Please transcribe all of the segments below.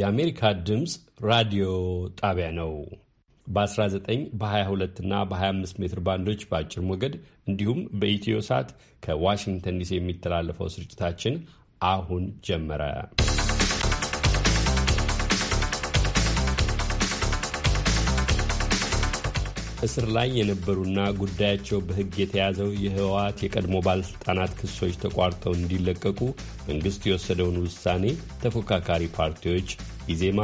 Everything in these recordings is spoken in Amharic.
የአሜሪካ ድምፅ ራዲዮ ጣቢያ ነው። በ19 በ22 እና በ25 ሜትር ባንዶች በአጭር ሞገድ እንዲሁም በኢትዮ ሳት ከዋሽንግተን ዲሲ የሚተላለፈው ስርጭታችን አሁን ጀመረ። እስር ላይ የነበሩና ጉዳያቸው በሕግ የተያዘው የህወሓት የቀድሞ ባለሥልጣናት ክሶች ተቋርጠው እንዲለቀቁ መንግሥት የወሰደውን ውሳኔ ተፎካካሪ ፓርቲዎች ኢዜማ፣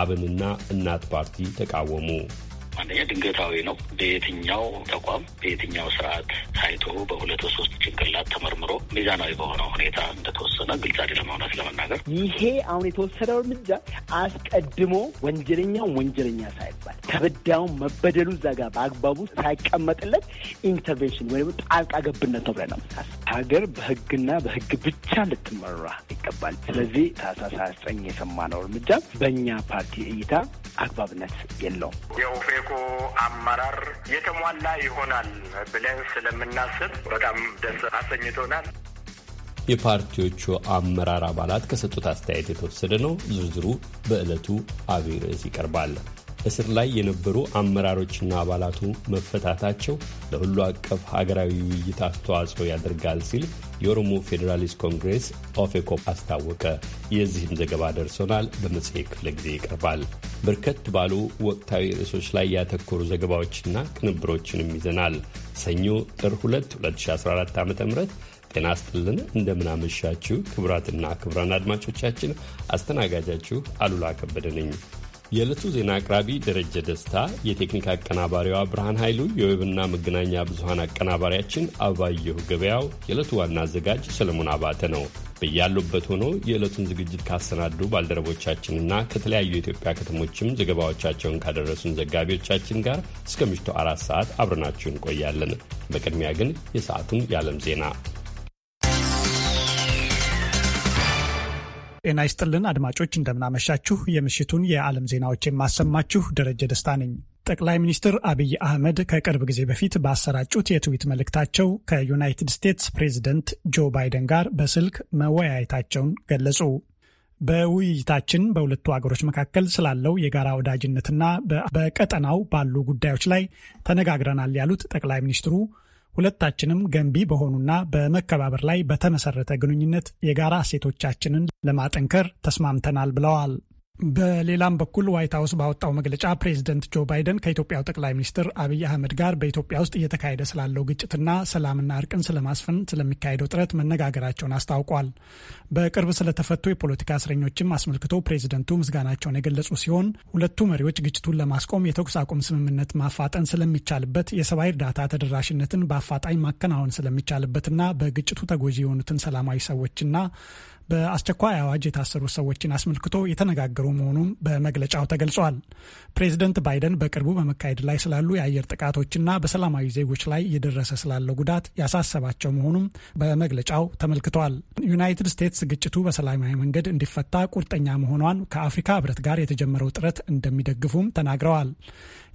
አብንና እናት ፓርቲ ተቃወሙ። አንደኛ ድንገታዊ ነው። በየትኛው ተቋም በየትኛው ስርዓት ታይቶ በሁለት ሶስት ጭንቅላት ተመርምሮ ሚዛናዊ በሆነ ሁኔታ እንደተወሰነ ግልጽ አይደለም። እውነት ለመናገር ይሄ አሁን የተወሰደው እርምጃ አስቀድሞ ወንጀለኛው ወንጀለኛ ሳይባል ተበዳዩን መበደሉ እዛ ጋር በአግባቡ ሳይቀመጥለት ኢንተርቬንሽን ወይም ጣልቃ ገብነት ነው ብለን ሀገር በህግና በህግ ብቻ ልትመራ ይገባል። ስለዚህ ታህሳስ ዘጠኝ የሰማነው እርምጃ በእኛ ፓርቲ እይታ አግባብነት የለውም። አመራር የተሟላ ይሆናል ብለን ስለምናስብ በጣም ደስ አሰኝቶናል። የፓርቲዎቹ አመራር አባላት ከሰጡት አስተያየት የተወሰደ ነው። ዝርዝሩ በዕለቱ አብይ ርዕስ ይቀርባል። እስር ላይ የነበሩ አመራሮችና አባላቱ መፈታታቸው ለሁሉ አቀፍ ሀገራዊ ውይይት አስተዋጽኦ ያደርጋል ሲል የኦሮሞ ፌዴራሊስት ኮንግሬስ ኦፌኮ አስታወቀ። የዚህም ዘገባ ደርሶናል፣ በመጽሔት ክፍለ ጊዜ ይቀርባል። በርከት ባሉ ወቅታዊ ርዕሶች ላይ ያተኮሩ ዘገባዎችና ቅንብሮችንም ይዘናል። ሰኞ ጥር 2 2014 ዓ ም ጤና ስጥልን እንደምናመሻችሁ ክቡራትና ክቡራን አድማጮቻችን አስተናጋጃችሁ አሉላ ከበደ ነኝ። የዕለቱ ዜና አቅራቢ ደረጀ ደስታ፣ የቴክኒክ አቀናባሪዋ ብርሃን ኃይሉ፣ የዌብና መገናኛ ብዙሀን አቀናባሪያችን አባየሁ ገበያው፣ የዕለቱ ዋና አዘጋጅ ሰለሞን አባተ ነው። በያሉበት ሆኖ የዕለቱን ዝግጅት ካሰናዱ ባልደረቦቻችንና ከተለያዩ የኢትዮጵያ ከተሞችም ዘገባዎቻቸውን ካደረሱን ዘጋቢዎቻችን ጋር እስከ ምሽቱ አራት ሰዓት አብረናችሁ እንቆያለን። በቅድሚያ ግን የሰዓቱን የዓለም ዜና ጤና ይስጥልን አድማጮች፣ እንደምናመሻችሁ። የምሽቱን የዓለም ዜናዎች የማሰማችሁ ደረጀ ደስታ ነኝ። ጠቅላይ ሚኒስትር አብይ አህመድ ከቅርብ ጊዜ በፊት ባሰራጩት የትዊት መልእክታቸው ከዩናይትድ ስቴትስ ፕሬዝደንት ጆ ባይደን ጋር በስልክ መወያየታቸውን ገለጹ። በውይይታችን በሁለቱ አገሮች መካከል ስላለው የጋራ ወዳጅነትና በቀጠናው ባሉ ጉዳዮች ላይ ተነጋግረናል ያሉት ጠቅላይ ሚኒስትሩ ሁለታችንም ገንቢ በሆኑና በመከባበር ላይ በተመሰረተ ግንኙነት የጋራ እሴቶቻችንን ለማጠንከር ተስማምተናል ብለዋል። በሌላም በኩል ዋይት ሀውስ ባወጣው መግለጫ ፕሬዚደንት ጆ ባይደን ከኢትዮጵያው ጠቅላይ ሚኒስትር አብይ አህመድ ጋር በኢትዮጵያ ውስጥ እየተካሄደ ስላለው ግጭትና ሰላምና እርቅን ስለማስፈን ስለሚካሄደው ጥረት መነጋገራቸውን አስታውቋል። በቅርብ ስለተፈቱ የፖለቲካ እስረኞችም አስመልክቶ ፕሬዚደንቱ ምስጋናቸውን የገለጹ ሲሆን ሁለቱ መሪዎች ግጭቱን ለማስቆም የተኩስ አቁም ስምምነት ማፋጠን ስለሚቻልበት፣ የሰብአዊ እርዳታ ተደራሽነትን በአፋጣኝ ማከናወን ስለሚቻልበትና በግጭቱ ተጎጂ የሆኑትን ሰላማዊ ሰዎችና በአስቸኳይ አዋጅ የታሰሩ ሰዎችን አስመልክቶ የተነጋገሩ መሆኑን በመግለጫው ተገልጿል። ፕሬዚደንት ባይደን በቅርቡ በመካሄድ ላይ ስላሉ የአየር ጥቃቶችና በሰላማዊ ዜጎች ላይ እየደረሰ ስላለው ጉዳት ያሳሰባቸው መሆኑም በመግለጫው ተመልክቷል። ዩናይትድ ስቴትስ ግጭቱ በሰላማዊ መንገድ እንዲፈታ ቁርጠኛ መሆኗን ከአፍሪካ ሕብረት ጋር የተጀመረው ጥረት እንደሚደግፉም ተናግረዋል።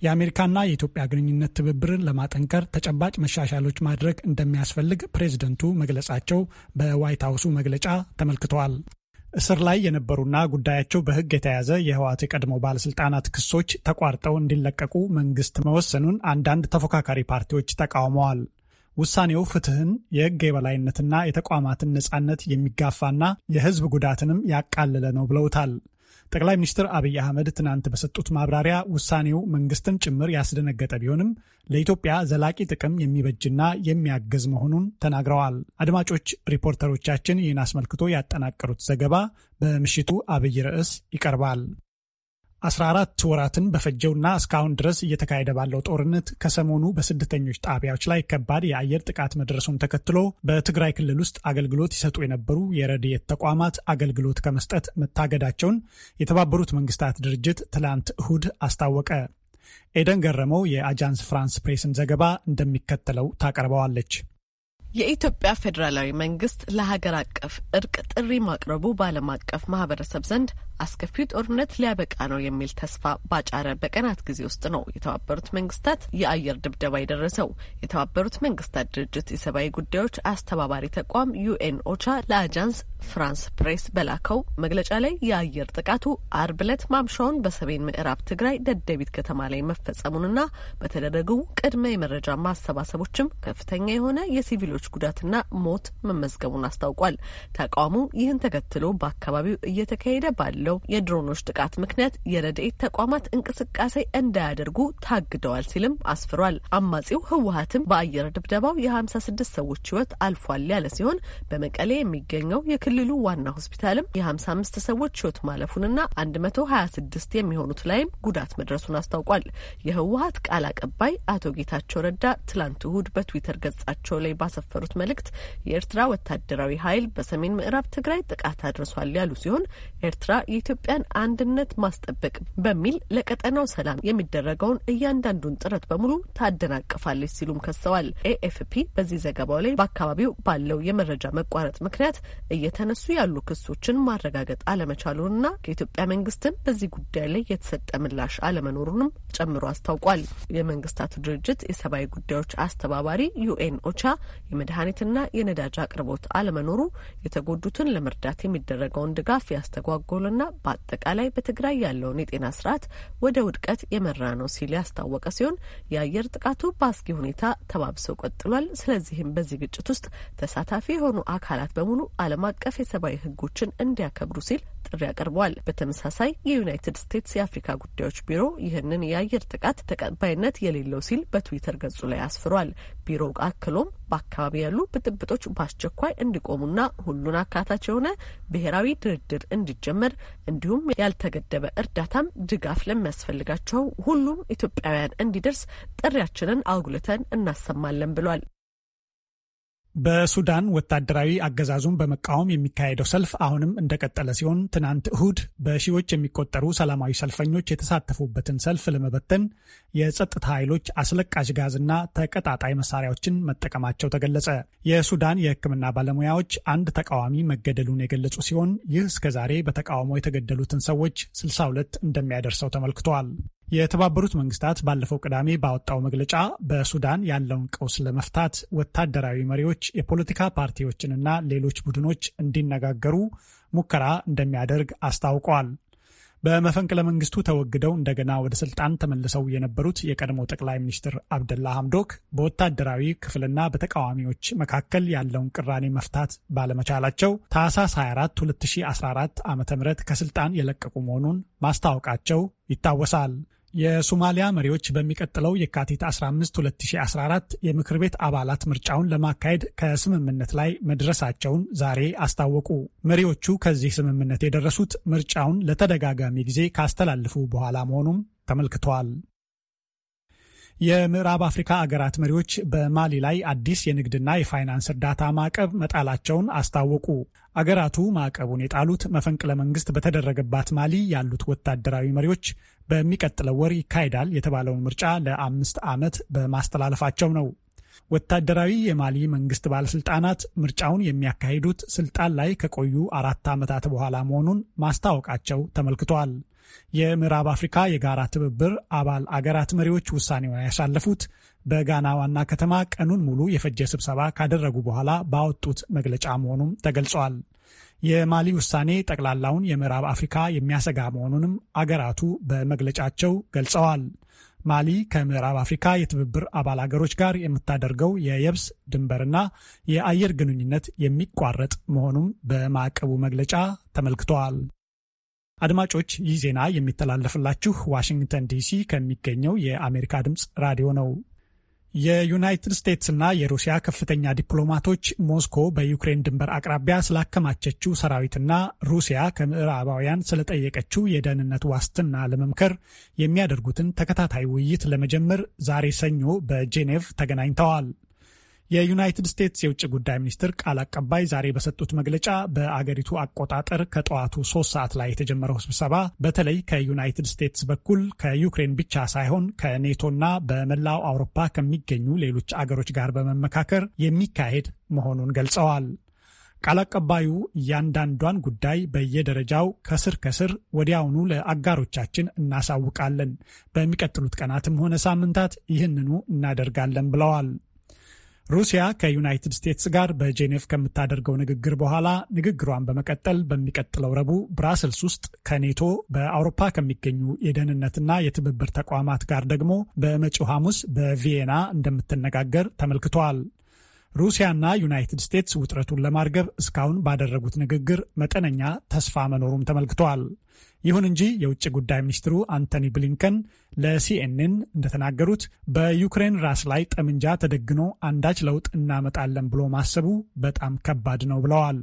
የአሜሪካና የኢትዮጵያ ግንኙነት ትብብርን ለማጠንከር ተጨባጭ መሻሻሎች ማድረግ እንደሚያስፈልግ ፕሬዚደንቱ መግለጻቸው በዋይት ሀውሱ መግለጫ ተመልክቷል። አመልክቷል። እስር ላይ የነበሩና ጉዳያቸው በሕግ የተያዘ የህወሓት የቀድሞ ባለስልጣናት ክሶች ተቋርጠው እንዲለቀቁ መንግስት መወሰኑን አንዳንድ ተፎካካሪ ፓርቲዎች ተቃውመዋል። ውሳኔው ፍትህን፣ የህግ የበላይነትና የተቋማትን ነጻነት የሚጋፋና የህዝብ ጉዳትንም ያቃለለ ነው ብለውታል። ጠቅላይ ሚኒስትር አብይ አህመድ ትናንት በሰጡት ማብራሪያ ውሳኔው መንግስትን ጭምር ያስደነገጠ ቢሆንም ለኢትዮጵያ ዘላቂ ጥቅም የሚበጅና የሚያግዝ መሆኑን ተናግረዋል። አድማጮች፣ ሪፖርተሮቻችን ይህን አስመልክቶ ያጠናቀሩት ዘገባ በምሽቱ አብይ ርዕስ ይቀርባል። 14 ወራትን በፈጀውና እስካሁን ድረስ እየተካሄደ ባለው ጦርነት ከሰሞኑ በስደተኞች ጣቢያዎች ላይ ከባድ የአየር ጥቃት መድረሱን ተከትሎ በትግራይ ክልል ውስጥ አገልግሎት ይሰጡ የነበሩ የረድኤት ተቋማት አገልግሎት ከመስጠት መታገዳቸውን የተባበሩት መንግስታት ድርጅት ትላንት እሁድ አስታወቀ። ኤደን ገረመው የአጃንስ ፍራንስ ፕሬስን ዘገባ እንደሚከተለው ታቀርበዋለች። የኢትዮጵያ ፌዴራላዊ መንግስት ለሀገር አቀፍ እርቅ ጥሪ ማቅረቡ በዓለም አቀፍ ማህበረሰብ ዘንድ አስከፊው ጦርነት ሊያበቃ ነው የሚል ተስፋ ባጫረ በቀናት ጊዜ ውስጥ ነው የተባበሩት መንግስታት የአየር ድብደባ የደረሰው። የተባበሩት መንግስታት ድርጅት የሰብአዊ ጉዳዮች አስተባባሪ ተቋም ዩኤን ኦቻ ለአጃንስ ፍራንስ ፕሬስ በላከው መግለጫ ላይ የአየር ጥቃቱ አርብ ዕለት ማምሻውን በሰሜን ምዕራብ ትግራይ ደደቢት ከተማ ላይ መፈጸሙንና በተደረጉ ቅድመ የመረጃ ማሰባሰቦችም ከፍተኛ የሆነ የሲቪሎች ጉዳትና ሞት መመዝገቡን አስታውቋል። ተቋሙ ይህን ተከትሎ በአካባቢው እየተካሄደ ባለ ባለው የድሮኖች ጥቃት ምክንያት የረድኤት ተቋማት እንቅስቃሴ እንዳያደርጉ ታግደዋል ሲልም አስፍሯል። አማጺው ህወሀትም በአየር ድብደባው የ ስድስት ሰዎች ህይወት አልፏል ያለ ሲሆን በመቀሌ የሚገኘው የክልሉ ዋና ሆስፒታልም የ55 ሰዎች ህይወት ማለፉንና አንድ መቶ የሚሆኑት ላይም ጉዳት መድረሱን አስታውቋል። የህወሀት ቃል አቀባይ አቶ ጌታቸው ረዳ ትላንት እሁድ በትዊተር ገጻቸው ላይ ባሰፈሩት መልእክት የኤርትራ ወታደራዊ ኃይል በሰሜን ምዕራብ ትግራይ ጥቃት አድርሷል ያሉ ሲሆን ኤርትራ የኢትዮጵያን አንድነት ማስጠበቅ በሚል ለቀጠናው ሰላም የሚደረገውን እያንዳንዱን ጥረት በሙሉ ታደናቅፋለች ሲሉም ከሰዋል። ኤኤፍፒ በዚህ ዘገባው ላይ በአካባቢው ባለው የመረጃ መቋረጥ ምክንያት እየተነሱ ያሉ ክሶችን ማረጋገጥ አለመቻሉንና ከኢትዮጵያ መንግስትም በዚህ ጉዳይ ላይ የተሰጠ ምላሽ አለመኖሩንም ጨምሮ አስታውቋል። የመንግስታቱ ድርጅት የሰብአዊ ጉዳዮች አስተባባሪ ዩኤን ኦቻ የመድኃኒትና የነዳጅ አቅርቦት አለመኖሩ የተጎዱትን ለመርዳት የሚደረገውን ድጋፍ ያስተጓጎልና በአጠቃላይ በትግራይ ያለውን የጤና ስርዓት ወደ ውድቀት የመራ ነው ሲል ያስታወቀ ሲሆን የአየር ጥቃቱ በአስጊ ሁኔታ ተባብሰው ቀጥሏል። ስለዚህም በዚህ ግጭት ውስጥ ተሳታፊ የሆኑ አካላት በሙሉ ዓለም አቀፍ የሰብአዊ ሕጎችን እንዲያከብሩ ሲል ጥሪ አቅርበዋል። በተመሳሳይ የዩናይትድ ስቴትስ የአፍሪካ ጉዳዮች ቢሮ ይህንን የአየር ጥቃት ተቀባይነት የሌለው ሲል በትዊተር ገጹ ላይ አስፍሯል። ቢሮው አክሎም በአካባቢ ያሉ ብጥብጦች በአስቸኳይ እንዲቆሙና ሁሉን አካታች የሆነ ብሔራዊ ድርድር እንዲጀመር እንዲሁም ያልተገደበ እርዳታም ድጋፍ ለሚያስፈልጋቸው ሁሉም ኢትዮጵያውያን እንዲደርስ ጥሪያችንን አጉልተን እናሰማለን ብሏል። በሱዳን ወታደራዊ አገዛዙን በመቃወም የሚካሄደው ሰልፍ አሁንም እንደቀጠለ ሲሆን ትናንት እሁድ በሺዎች የሚቆጠሩ ሰላማዊ ሰልፈኞች የተሳተፉበትን ሰልፍ ለመበተን የጸጥታ ኃይሎች አስለቃሽ ጋዝና ተቀጣጣይ መሳሪያዎችን መጠቀማቸው ተገለጸ። የሱዳን የሕክምና ባለሙያዎች አንድ ተቃዋሚ መገደሉን የገለጹ ሲሆን ይህ እስከዛሬ በተቃውሞ የተገደሉትን ሰዎች 62 እንደሚያደርሰው ተመልክተዋል። የተባበሩት መንግስታት ባለፈው ቅዳሜ ባወጣው መግለጫ በሱዳን ያለውን ቀውስ ለመፍታት ወታደራዊ መሪዎች የፖለቲካ ፓርቲዎችንና ሌሎች ቡድኖች እንዲነጋገሩ ሙከራ እንደሚያደርግ አስታውቋል። በመፈንቅለ መንግስቱ ተወግደው እንደገና ወደ ስልጣን ተመልሰው የነበሩት የቀድሞ ጠቅላይ ሚኒስትር አብደላ ሐምዶክ በወታደራዊ ክፍልና በተቃዋሚዎች መካከል ያለውን ቅራኔ መፍታት ባለመቻላቸው ታህሳስ 24 2014 ዓ ም ከስልጣን የለቀቁ መሆኑን ማስታወቃቸው ይታወሳል። የሶማሊያ መሪዎች በሚቀጥለው የካቲት 15 2014 የምክር ቤት አባላት ምርጫውን ለማካሄድ ከስምምነት ላይ መድረሳቸውን ዛሬ አስታወቁ። መሪዎቹ ከዚህ ስምምነት የደረሱት ምርጫውን ለተደጋጋሚ ጊዜ ካስተላልፉ በኋላ መሆኑም ተመልክተዋል። የምዕራብ አፍሪካ አገራት መሪዎች በማሊ ላይ አዲስ የንግድና የፋይናንስ እርዳታ ማዕቀብ መጣላቸውን አስታወቁ። አገራቱ ማዕቀቡን የጣሉት መፈንቅለ መንግስት በተደረገባት ማሊ ያሉት ወታደራዊ መሪዎች በሚቀጥለው ወር ይካሄዳል የተባለውን ምርጫ ለአምስት ዓመት በማስተላለፋቸው ነው። ወታደራዊ የማሊ መንግስት ባለስልጣናት ምርጫውን የሚያካሂዱት ስልጣን ላይ ከቆዩ አራት ዓመታት በኋላ መሆኑን ማስታወቃቸው ተመልክቷል። የምዕራብ አፍሪካ የጋራ ትብብር አባል አገራት መሪዎች ውሳኔውን ያሳለፉት በጋና ዋና ከተማ ቀኑን ሙሉ የፈጀ ስብሰባ ካደረጉ በኋላ ባወጡት መግለጫ መሆኑም ተገልጿል። የማሊ ውሳኔ ጠቅላላውን የምዕራብ አፍሪካ የሚያሰጋ መሆኑንም አገራቱ በመግለጫቸው ገልጸዋል። ማሊ ከምዕራብ አፍሪካ የትብብር አባል አገሮች ጋር የምታደርገው የየብስ ድንበርና የአየር ግንኙነት የሚቋረጥ መሆኑም በማዕቀቡ መግለጫ ተመልክተዋል። አድማጮች ይህ ዜና የሚተላለፍላችሁ ዋሽንግተን ዲሲ ከሚገኘው የአሜሪካ ድምፅ ራዲዮ ነው። የዩናይትድ ስቴትስና የሩሲያ ከፍተኛ ዲፕሎማቶች ሞስኮ በዩክሬን ድንበር አቅራቢያ ስላከማቸችው ሰራዊትና ሩሲያ ከምዕራባውያን ስለጠየቀችው የደህንነት ዋስትና ለመምከር የሚያደርጉትን ተከታታይ ውይይት ለመጀመር ዛሬ ሰኞ በጄኔቭ ተገናኝተዋል። የዩናይትድ ስቴትስ የውጭ ጉዳይ ሚኒስትር ቃል አቀባይ ዛሬ በሰጡት መግለጫ በአገሪቱ አቆጣጠር ከጠዋቱ ሶስት ሰዓት ላይ የተጀመረው ስብሰባ በተለይ ከዩናይትድ ስቴትስ በኩል ከዩክሬን ብቻ ሳይሆን ከኔቶና በመላው አውሮፓ ከሚገኙ ሌሎች አገሮች ጋር በመመካከር የሚካሄድ መሆኑን ገልጸዋል። ቃል አቀባዩ እያንዳንዷን ጉዳይ በየደረጃው ከስር ከስር ወዲያውኑ ለአጋሮቻችን እናሳውቃለን፣ በሚቀጥሉት ቀናትም ሆነ ሳምንታት ይህንኑ እናደርጋለን ብለዋል። ሩሲያ ከዩናይትድ ስቴትስ ጋር በጄኔቭ ከምታደርገው ንግግር በኋላ ንግግሯን በመቀጠል በሚቀጥለው ረቡዕ ብራስልስ ውስጥ ከኔቶ በአውሮፓ ከሚገኙ የደህንነትና የትብብር ተቋማት ጋር ደግሞ በመጪው ሐሙስ በቪየና እንደምትነጋገር ተመልክተዋል። ሩሲያና ዩናይትድ ስቴትስ ውጥረቱን ለማርገብ እስካሁን ባደረጉት ንግግር መጠነኛ ተስፋ መኖሩም ተመልክተዋል። ይሁን እንጂ የውጭ ጉዳይ ሚኒስትሩ አንቶኒ ብሊንከን ለሲኤንኤን እንደተናገሩት በዩክሬን ራስ ላይ ጠመንጃ ተደግኖ አንዳች ለውጥ እናመጣለን ብሎ ማሰቡ በጣም ከባድ ነው ብለዋል።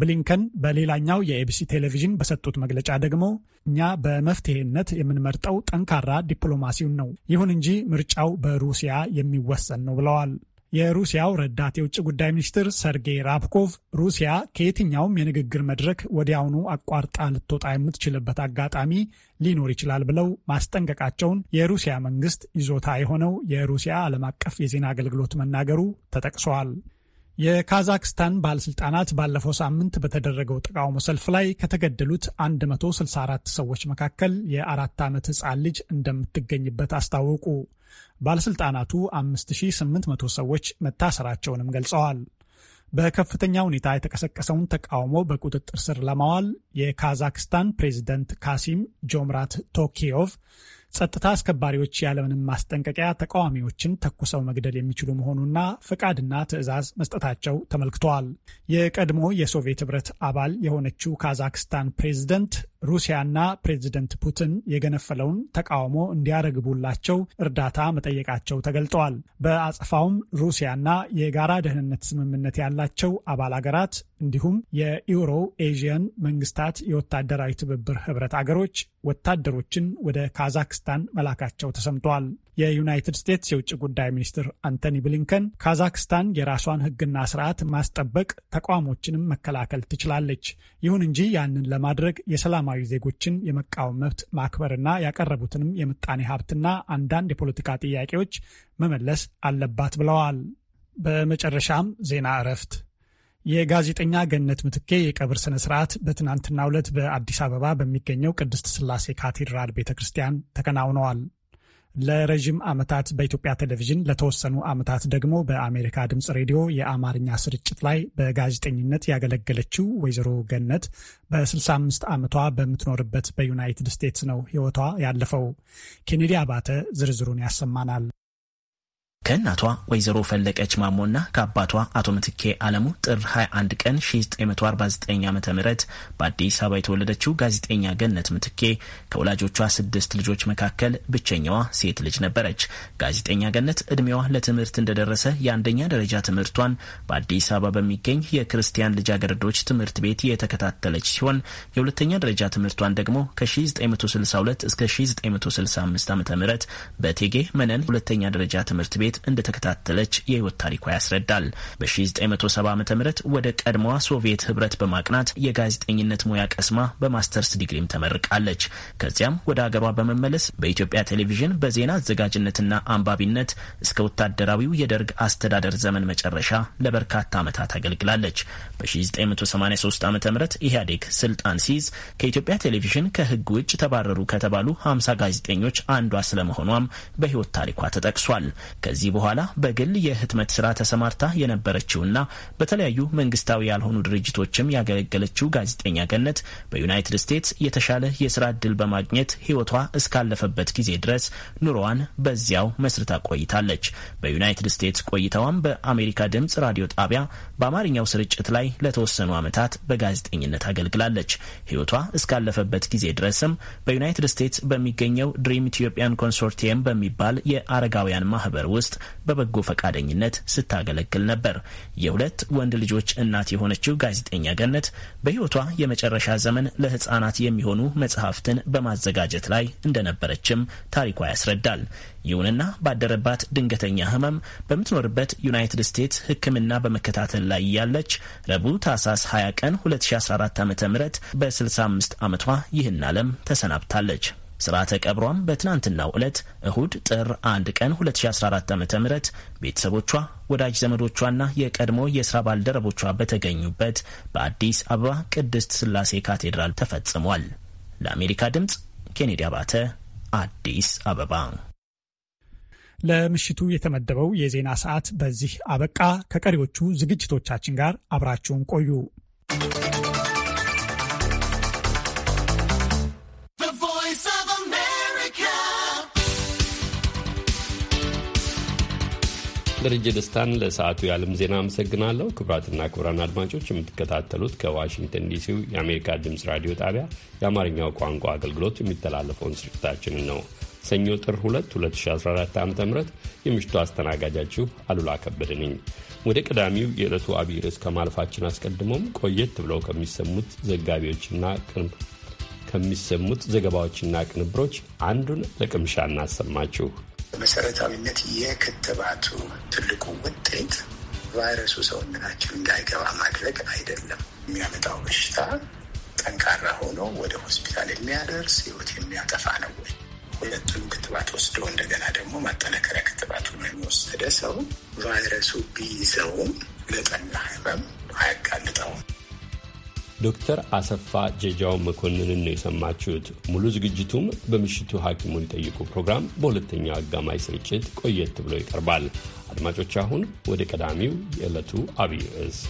ብሊንከን በሌላኛው የኤቢሲ ቴሌቪዥን በሰጡት መግለጫ ደግሞ እኛ በመፍትሄነት የምንመርጠው ጠንካራ ዲፕሎማሲውን ነው፣ ይሁን እንጂ ምርጫው በሩሲያ የሚወሰን ነው ብለዋል። የሩሲያው ረዳት የውጭ ጉዳይ ሚኒስትር ሰርጌይ ራብኮቭ ሩሲያ ከየትኛውም የንግግር መድረክ ወዲያውኑ አቋርጣ ልትወጣ የምትችልበት አጋጣሚ ሊኖር ይችላል ብለው ማስጠንቀቃቸውን የሩሲያ መንግስት ይዞታ የሆነው የሩሲያ ዓለም አቀፍ የዜና አገልግሎት መናገሩ ተጠቅሷል። የካዛክስታን ባለስልጣናት ባለፈው ሳምንት በተደረገው ተቃውሞ ሰልፍ ላይ ከተገደሉት 164 ሰዎች መካከል የአራት ዓመት ሕፃን ልጅ እንደምትገኝበት አስታወቁ። ባለስልጣናቱ 5800 ሰዎች መታሰራቸውንም ገልጸዋል። በከፍተኛ ሁኔታ የተቀሰቀሰውን ተቃውሞ በቁጥጥር ስር ለማዋል የካዛክስታን ፕሬዚደንት ካሲም ጆምራት ቶኪዮቭ ጸጥታ አስከባሪዎች ያለምንም ማስጠንቀቂያ ተቃዋሚዎችን ተኩሰው መግደል የሚችሉ መሆኑና ፍቃድና ትዕዛዝ መስጠታቸው ተመልክተዋል። የቀድሞ የሶቪየት ህብረት አባል የሆነችው ካዛክስታን ፕሬዝደንት ሩሲያና ፕሬዚደንት ፑቲን የገነፈለውን ተቃውሞ እንዲያረግቡላቸው እርዳታ መጠየቃቸው ተገልጠዋል። በአጸፋውም ሩሲያና የጋራ ደህንነት ስምምነት ያላቸው አባል አገራት እንዲሁም የኢውሮ ኤዥያን መንግስታት የወታደራዊ ትብብር ህብረት አገሮች ወታደሮችን ወደ ካዛክስታን መላካቸው ተሰምተዋል። የዩናይትድ ስቴትስ የውጭ ጉዳይ ሚኒስትር አንቶኒ ብሊንከን ካዛክስታን የራሷን ሕግና ስርዓት ማስጠበቅ፣ ተቋሞችንም መከላከል ትችላለች። ይሁን እንጂ ያንን ለማድረግ የሰላማዊ ዜጎችን የመቃወም መብት ማክበርና ያቀረቡትንም የምጣኔ ሀብትና አንዳንድ የፖለቲካ ጥያቄዎች መመለስ አለባት ብለዋል። በመጨረሻም ዜና እረፍት የጋዜጠኛ ገነት ምትኬ የቀብር ስነ ስርዓት በትናንትናው ዕለት በአዲስ አበባ በሚገኘው ቅድስት ስላሴ ካቴድራል ቤተ ክርስቲያን ተከናውነዋል። ለረዥም ዓመታት በኢትዮጵያ ቴሌቪዥን ለተወሰኑ ዓመታት ደግሞ በአሜሪካ ድምፅ ሬዲዮ የአማርኛ ስርጭት ላይ በጋዜጠኝነት ያገለገለችው ወይዘሮ ገነት በ65 ዓመቷ በምትኖርበት በዩናይትድ ስቴትስ ነው ሕይወቷ ያለፈው። ኬኔዲ አባተ ዝርዝሩን ያሰማናል። ከእናቷ ወይዘሮ ፈለቀች ማሞና ከአባቷ አቶ ምትኬ አለሙ ጥር 21 ቀን 1949 ዓ ም በአዲስ አበባ የተወለደችው ጋዜጠኛ ገነት ምትኬ ከወላጆቿ ስድስት ልጆች መካከል ብቸኛዋ ሴት ልጅ ነበረች። ጋዜጠኛ ገነት እድሜዋ ለትምህርት እንደደረሰ የአንደኛ ደረጃ ትምህርቷን በአዲስ አበባ በሚገኝ የክርስቲያን ልጃገረዶች ትምህርት ቤት የተከታተለች ሲሆን የሁለተኛ ደረጃ ትምህርቷን ደግሞ ከ1962 እስከ 1965 ዓ ም በቴጌ መነን ሁለተኛ ደረጃ ትምህርት ቤት እንዴት እንደተከታተለች የህይወት ታሪኳ ያስረዳል። በ1970 ዓ ም ወደ ቀድሞዋ ሶቪየት ህብረት በማቅናት የጋዜጠኝነት ሙያ ቀስማ በማስተርስ ዲግሪም ተመርቃለች። ከዚያም ወደ አገሯ በመመለስ በኢትዮጵያ ቴሌቪዥን በዜና አዘጋጅነትና አንባቢነት እስከ ወታደራዊው የደርግ አስተዳደር ዘመን መጨረሻ ለበርካታ ዓመታት አገልግላለች። በ1983 ዓ ም ኢህአዴግ ስልጣን ሲይዝ ከኢትዮጵያ ቴሌቪዥን ከህግ ውጭ ተባረሩ ከተባሉ 50 ጋዜጠኞች አንዷ ስለመሆኗም በህይወት ታሪኳ ተጠቅሷል። ከዚህ ከዚህ በኋላ በግል የህትመት ስራ ተሰማርታ የነበረችውና በተለያዩ መንግስታዊ ያልሆኑ ድርጅቶችም ያገለገለችው ጋዜጠኛ ገነት በዩናይትድ ስቴትስ የተሻለ የስራ እድል በማግኘት ህይወቷ እስካለፈበት ጊዜ ድረስ ኑሮዋን በዚያው መስርታ ቆይታለች። በዩናይትድ ስቴትስ ቆይታዋም በአሜሪካ ድምፅ ራዲዮ ጣቢያ በአማርኛው ስርጭት ላይ ለተወሰኑ ዓመታት በጋዜጠኝነት አገልግላለች። ህይወቷ እስካለፈበት ጊዜ ድረስም በዩናይትድ ስቴትስ በሚገኘው ድሪም ኢትዮጵያን ኮንሶርቲየም በሚባል የአረጋውያን ማህበር ውስጥ ውስጥ በበጎ ፈቃደኝነት ስታገለግል ነበር። የሁለት ወንድ ልጆች እናት የሆነችው ጋዜጠኛ ገነት በሕይወቷ የመጨረሻ ዘመን ለሕፃናት የሚሆኑ መጽሐፍትን በማዘጋጀት ላይ እንደነበረችም ታሪኳ ያስረዳል። ይሁንና ባደረባት ድንገተኛ ህመም በምትኖርበት ዩናይትድ ስቴትስ ሕክምና በመከታተል ላይ ያለች ረቡዕ ታህሳስ 20 ቀን 2014 ዓ ም በ65 ዓመቷ ይህን ዓለም ተሰናብታለች። ስርዓተ ቀብሯም በትናንትናው ዕለት እሁድ ጥር 1 ቀን 2014 ዓ ም ቤተሰቦቿ ወዳጅ ዘመዶቿና የቀድሞ የስራ ባልደረቦቿ በተገኙበት በአዲስ አበባ ቅድስት ስላሴ ካቴድራል ተፈጽሟል። ለአሜሪካ ድምፅ ኬኔዲ አባተ አዲስ አበባ። ለምሽቱ የተመደበው የዜና ሰዓት በዚህ አበቃ። ከቀሪዎቹ ዝግጅቶቻችን ጋር አብራችሁን ቆዩ። ደረጀ ደስታን ለሰዓቱ የዓለም ዜና አመሰግናለሁ። ክቡራትና ክቡራን አድማጮች የምትከታተሉት ከዋሽንግተን ዲሲው የአሜሪካ ድምፅ ራዲዮ ጣቢያ የአማርኛው ቋንቋ አገልግሎት የሚተላለፈውን ስርጭታችንን ነው። ሰኞ ጥር 2 2014 ዓ ም የምሽቱ አስተናጋጃችሁ አሉላ ከበደ ነኝ። ወደ ቀዳሚው የዕለቱ አብይ ርዕስ ከማለፋችን አስቀድሞም ቆየት ብለው ከሚሰሙት ዘጋቢዎችና ከሚሰሙት ዘገባዎችና ቅንብሮች አንዱን ለቅምሻ እናሰማችሁ። በመሰረታዊነት የክትባቱ ትልቁ ውጤት ቫይረሱ ሰውነታችን እንዳይገባ ማድረግ አይደለም። የሚያመጣው በሽታ ጠንካራ ሆኖ ወደ ሆስፒታል የሚያደርስ ህይወት የሚያጠፋ ነው ወይ? ሁለቱን ክትባት ወስዶ እንደገና ደግሞ ማጠናከሪያ ክትባቱን የሚወሰደ ሰው ቫይረሱ ቢይዘውም ለጠና ህመም አያጋልጠውም። ዶክተር አሰፋ ጀጃው መኮንንን ነው የሰማችሁት። ሙሉ ዝግጅቱም በምሽቱ ሐኪሙን ይጠይቁ ፕሮግራም በሁለተኛው አጋማሽ ስርጭት ቆየት ብሎ ይቀርባል። አድማጮች፣ አሁን ወደ ቀዳሚው የዕለቱ አብይ ርዕስ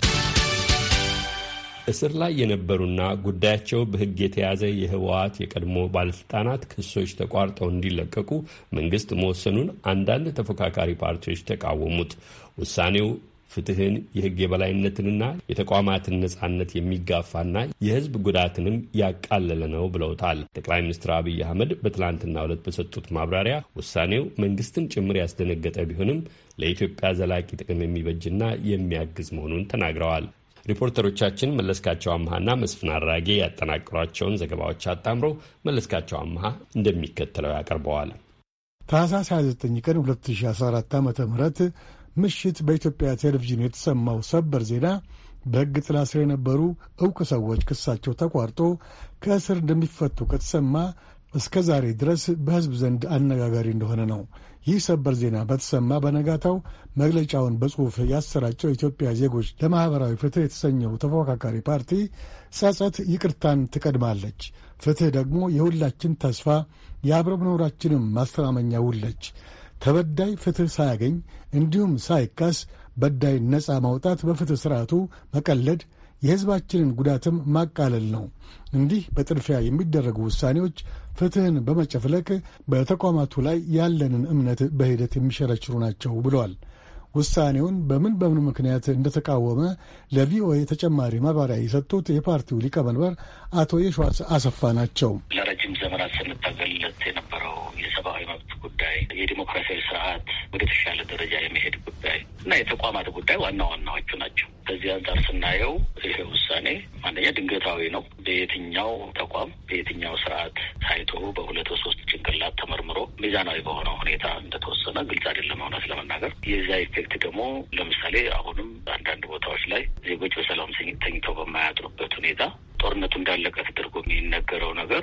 እስር ላይ የነበሩና ጉዳያቸው በሕግ የተያዘ የህወሓት የቀድሞ ባለስልጣናት ክሶች ተቋርጠው እንዲለቀቁ መንግስት መወሰኑን አንዳንድ ተፎካካሪ ፓርቲዎች ተቃወሙት። ውሳኔው ፍትህን፣ የህግ የበላይነትንና የተቋማትን ነጻነት የሚጋፋና የህዝብ ጉዳትንም ያቃለለ ነው ብለውታል። ጠቅላይ ሚኒስትር አብይ አህመድ በትላንትና ዕለት በሰጡት ማብራሪያ ውሳኔው መንግስትን ጭምር ያስደነገጠ ቢሆንም ለኢትዮጵያ ዘላቂ ጥቅም የሚበጅና የሚያግዝ መሆኑን ተናግረዋል። ሪፖርተሮቻችን መለስካቸው አምሃና መስፍን አራጌ ያጠናቅሯቸውን ዘገባዎች አጣምሮ መለስካቸው አመሃ እንደሚከተለው ያቀርበዋል። ታህሳስ 29 ቀን 2014 ዓ ም ምሽት በኢትዮጵያ ቴሌቪዥን የተሰማው ሰበር ዜና በሕግ ጥላ ስር የነበሩ ዕውቅ ሰዎች ክሳቸው ተቋርጦ ከእስር እንደሚፈቱ ከተሰማ እስከ ዛሬ ድረስ በሕዝብ ዘንድ አነጋጋሪ እንደሆነ ነው። ይህ ሰበር ዜና በተሰማ በነጋታው መግለጫውን በጽሑፍ ያሰራጨው የኢትዮጵያ ዜጎች ለማኅበራዊ ፍትሕ የተሰኘው ተፎካካሪ ፓርቲ ጸጸት ይቅርታን ትቀድማለች፣ ፍትሕ ደግሞ የሁላችን ተስፋ የአብረ መኖራችንም ማስተማመኛ ውለች ተበዳይ ፍትሕ ሳያገኝ እንዲሁም ሳይካስ በዳይ ነፃ ማውጣት በፍትሕ ስርዓቱ መቀለድ የህዝባችንን ጉዳትም ማቃለል ነው። እንዲህ በጥድፊያ የሚደረጉ ውሳኔዎች ፍትሕን በመጨፍለቅ በተቋማቱ ላይ ያለንን እምነት በሂደት የሚሸረችሩ ናቸው ብለዋል። ውሳኔውን በምን በምን ምክንያት እንደተቃወመ ለቪኦኤ ተጨማሪ ማብራሪያ የሰጡት የፓርቲው ሊቀመንበር አቶ የሸዋስ አሰፋ ናቸው። ለረጅም ዘመናት ስንታገልለት የነበረው የሰብአዊ መብት ጉዳይ፣ የዲሞክራሲያዊ ስርዓት ወደ ተሻለ ደረጃ የመሄድ ጉዳይ እና የተቋማት ጉዳይ ዋና ዋናዎቹ ናቸው። ከዚህ አንጻር ስናየው ይሄ ውሳኔ አንደኛ ድንገታዊ ነው። በየትኛው ተቋም በየትኛው ስርዓት ታይቶ በሁለት በሶስት ጭንቅላት ተመርምሮ ሚዛናዊ በሆነ ሁኔታ እንደተወሰነ ግልጽ አይደለም እውነት ለመናገር። የዛ ኢፌክት ደግሞ ለምሳሌ አሁንም አንዳንድ ቦታዎች ላይ ዜጎች በሰላም ተኝተው በማያጥሩበት ሁኔታ ጦርነቱ እንዳለቀ ተደርጎ የሚነገረው ነገር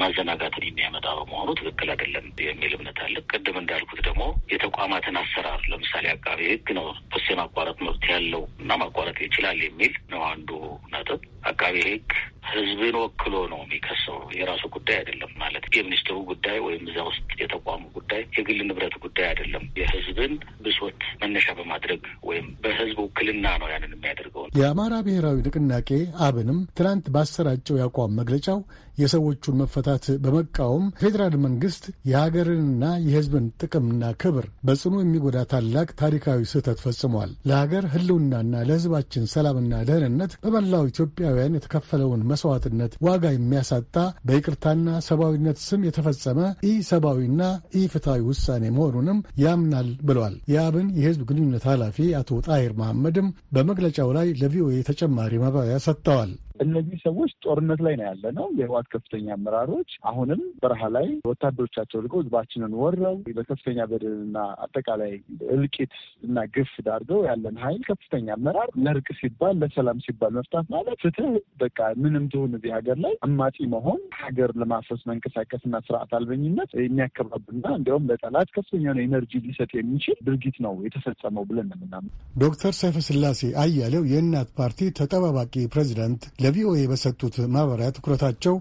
ማዘናጋትን የሚያመጣ በመሆኑ ትክክል አይደለም የሚል እምነት አለ። ቅድም እንዳልኩት ደግሞ የተቋማትን አሰራር ለምሳሌ አቃቤ ሕግ ነው ክስ የማቋረጥ መብት ያለው እና ማቋረጥ ይችላል የሚል ነው አንዱ ነጥብ። አቃቤ ሕግ ህዝብን ወክሎ ነው የሚከሰው። የራሱ ጉዳይ አይደለም ማለት የሚኒስትሩ ጉዳይ ወይም እዛ ውስጥ የተቋሙ ጉዳይ የግል ንብረት ጉዳይ አይደለም። የህዝብን ብሶት መነሻ በማድረግ ወይም በህዝብ ውክልና ነው ያንን የሚያደርገው። የአማራ ብሔራዊ ንቅናቄ አብንም ትናንት ባሰራጨው የአቋም መግለጫው የሰዎቹን መፈታት በመቃወም ፌዴራል መንግስት የሀገርንና የሕዝብን ጥቅምና ክብር በጽኑ የሚጎዳ ታላቅ ታሪካዊ ስህተት ፈጽሟል። ለሀገር ህልውናና ለህዝባችን ሰላምና ደህንነት በመላው ኢትዮጵያውያን የተከፈለውን መስዋዕትነት ዋጋ የሚያሳጣ በይቅርታና ሰብአዊነት ስም የተፈጸመ ኢ ሰብአዊና ኢ ውሳኔ መሆኑንም ያምናል ብሏል። የአብን የሕዝብ ግንኙነት ኃላፊ አቶ ጣሂር መሐመድም በመግለጫው ላይ ለቪኦኤ ተጨማሪ ማብራሪያ ሰጥተዋል። እነዚህ ሰዎች ጦርነት ላይ ነው ያለ ነው። የህወሓት ከፍተኛ አመራሮች አሁንም በረሃ ላይ ወታደሮቻቸው ልቀው ህዝባችንን ወረው በከፍተኛ በደልና አጠቃላይ እልቂት እና ግፍ ዳርገው ያለን ሀይል ከፍተኛ አመራር ለእርቅ ሲባል ለሰላም ሲባል መፍታት ማለት ፍትህ በቃ ምንም ትሁን እዚህ ሀገር ላይ አማጺ መሆን ሀገር ለማፍረስ መንቀሳቀስና ስርዓት አልበኝነት የሚያከባብና እንዲያውም ለጠላት ከፍተኛ ነው ኤነርጂ ሊሰጥ የሚችል ድርጊት ነው የተፈጸመው ብለን ነው የምናምነው። ዶክተር ሰይፈስላሴ አያሌው የእናት ፓርቲ ተጠባባቂ ፕሬዚዳንት ለቪኦኤ በሰጡት ማብራሪያ ትኩረታቸው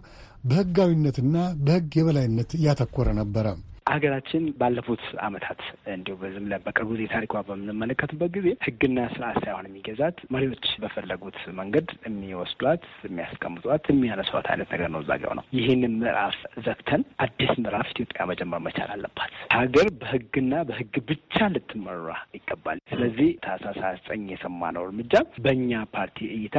በህጋዊነትና በህግ የበላይነት እያተኮረ ነበረ። ሀገራችን ባለፉት አመታት እንዲሁ በዝም ላይ በቅርቡ ጊዜ ታሪኳ በምንመለከትበት ጊዜ ህግና ስርዓት ሳይሆን የሚገዛት መሪዎች በፈለጉት መንገድ የሚወስዷት፣ የሚያስቀምጧት፣ የሚያነሷት አይነት ነገር ነው። እዛጋው ነው። ይህንን ምዕራፍ ዘግተን አዲስ ምዕራፍ ኢትዮጵያ መጀመር መቻል አለባት። ሀገር በህግና በህግ ብቻ ልትመራ ይገባል። ስለዚህ ታህሳስ ዘጠኝ የሰማነው እርምጃ በእኛ ፓርቲ እይታ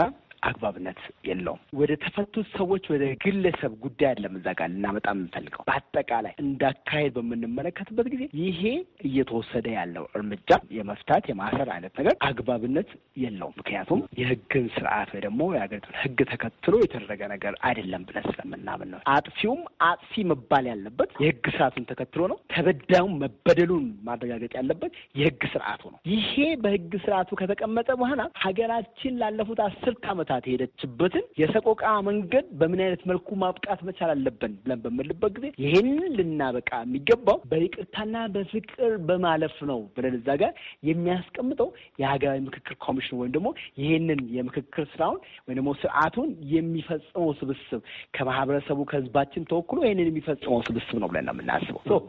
አግባብነት የለውም። ወደ ተፈቱት ሰዎች ወደ ግለሰብ ጉዳይ አይደለም እዛ ጋር ልናመጣ የምንፈልገው። በአጠቃላይ እንዳካሄድ በምንመለከትበት ጊዜ ይሄ እየተወሰደ ያለው እርምጃ የመፍታት የማሰር አይነት ነገር አግባብነት የለውም። ምክንያቱም የህግን ስርዓት ወይ ደግሞ የሀገሪቱን ህግ ተከትሎ የተደረገ ነገር አይደለም ብለን ስለምናምን ነው። አጥፊውም አጥፊ መባል ያለበት የህግ ስርዓቱን ተከትሎ ነው። ተበዳዩም መበደሉን ማረጋገጥ ያለበት የህግ ስርዓቱ ነው። ይሄ በህግ ስርዓቱ ከተቀመጠ በኋላ ሀገራችን ላለፉት አስርት ዓመታት ለማጥፋታት የሄደችበትን የሰቆቃ መንገድ በምን አይነት መልኩ ማብቃት መቻል አለብን ብለን በምልበት ጊዜ ይህንን ልናበቃ የሚገባው በይቅርታና በፍቅር በማለፍ ነው ብለን እዛ ጋር የሚያስቀምጠው የሀገራዊ ምክክር ኮሚሽን ወይም ደግሞ ይህንን የምክክር ስራውን ወይም ደግሞ ስርዓቱን የሚፈጽመው ስብስብ ከማህበረሰቡ ከህዝባችን ተወክሎ ይህንን የሚፈጽመው ስብስብ ነው ብለን ነው የምናስበው።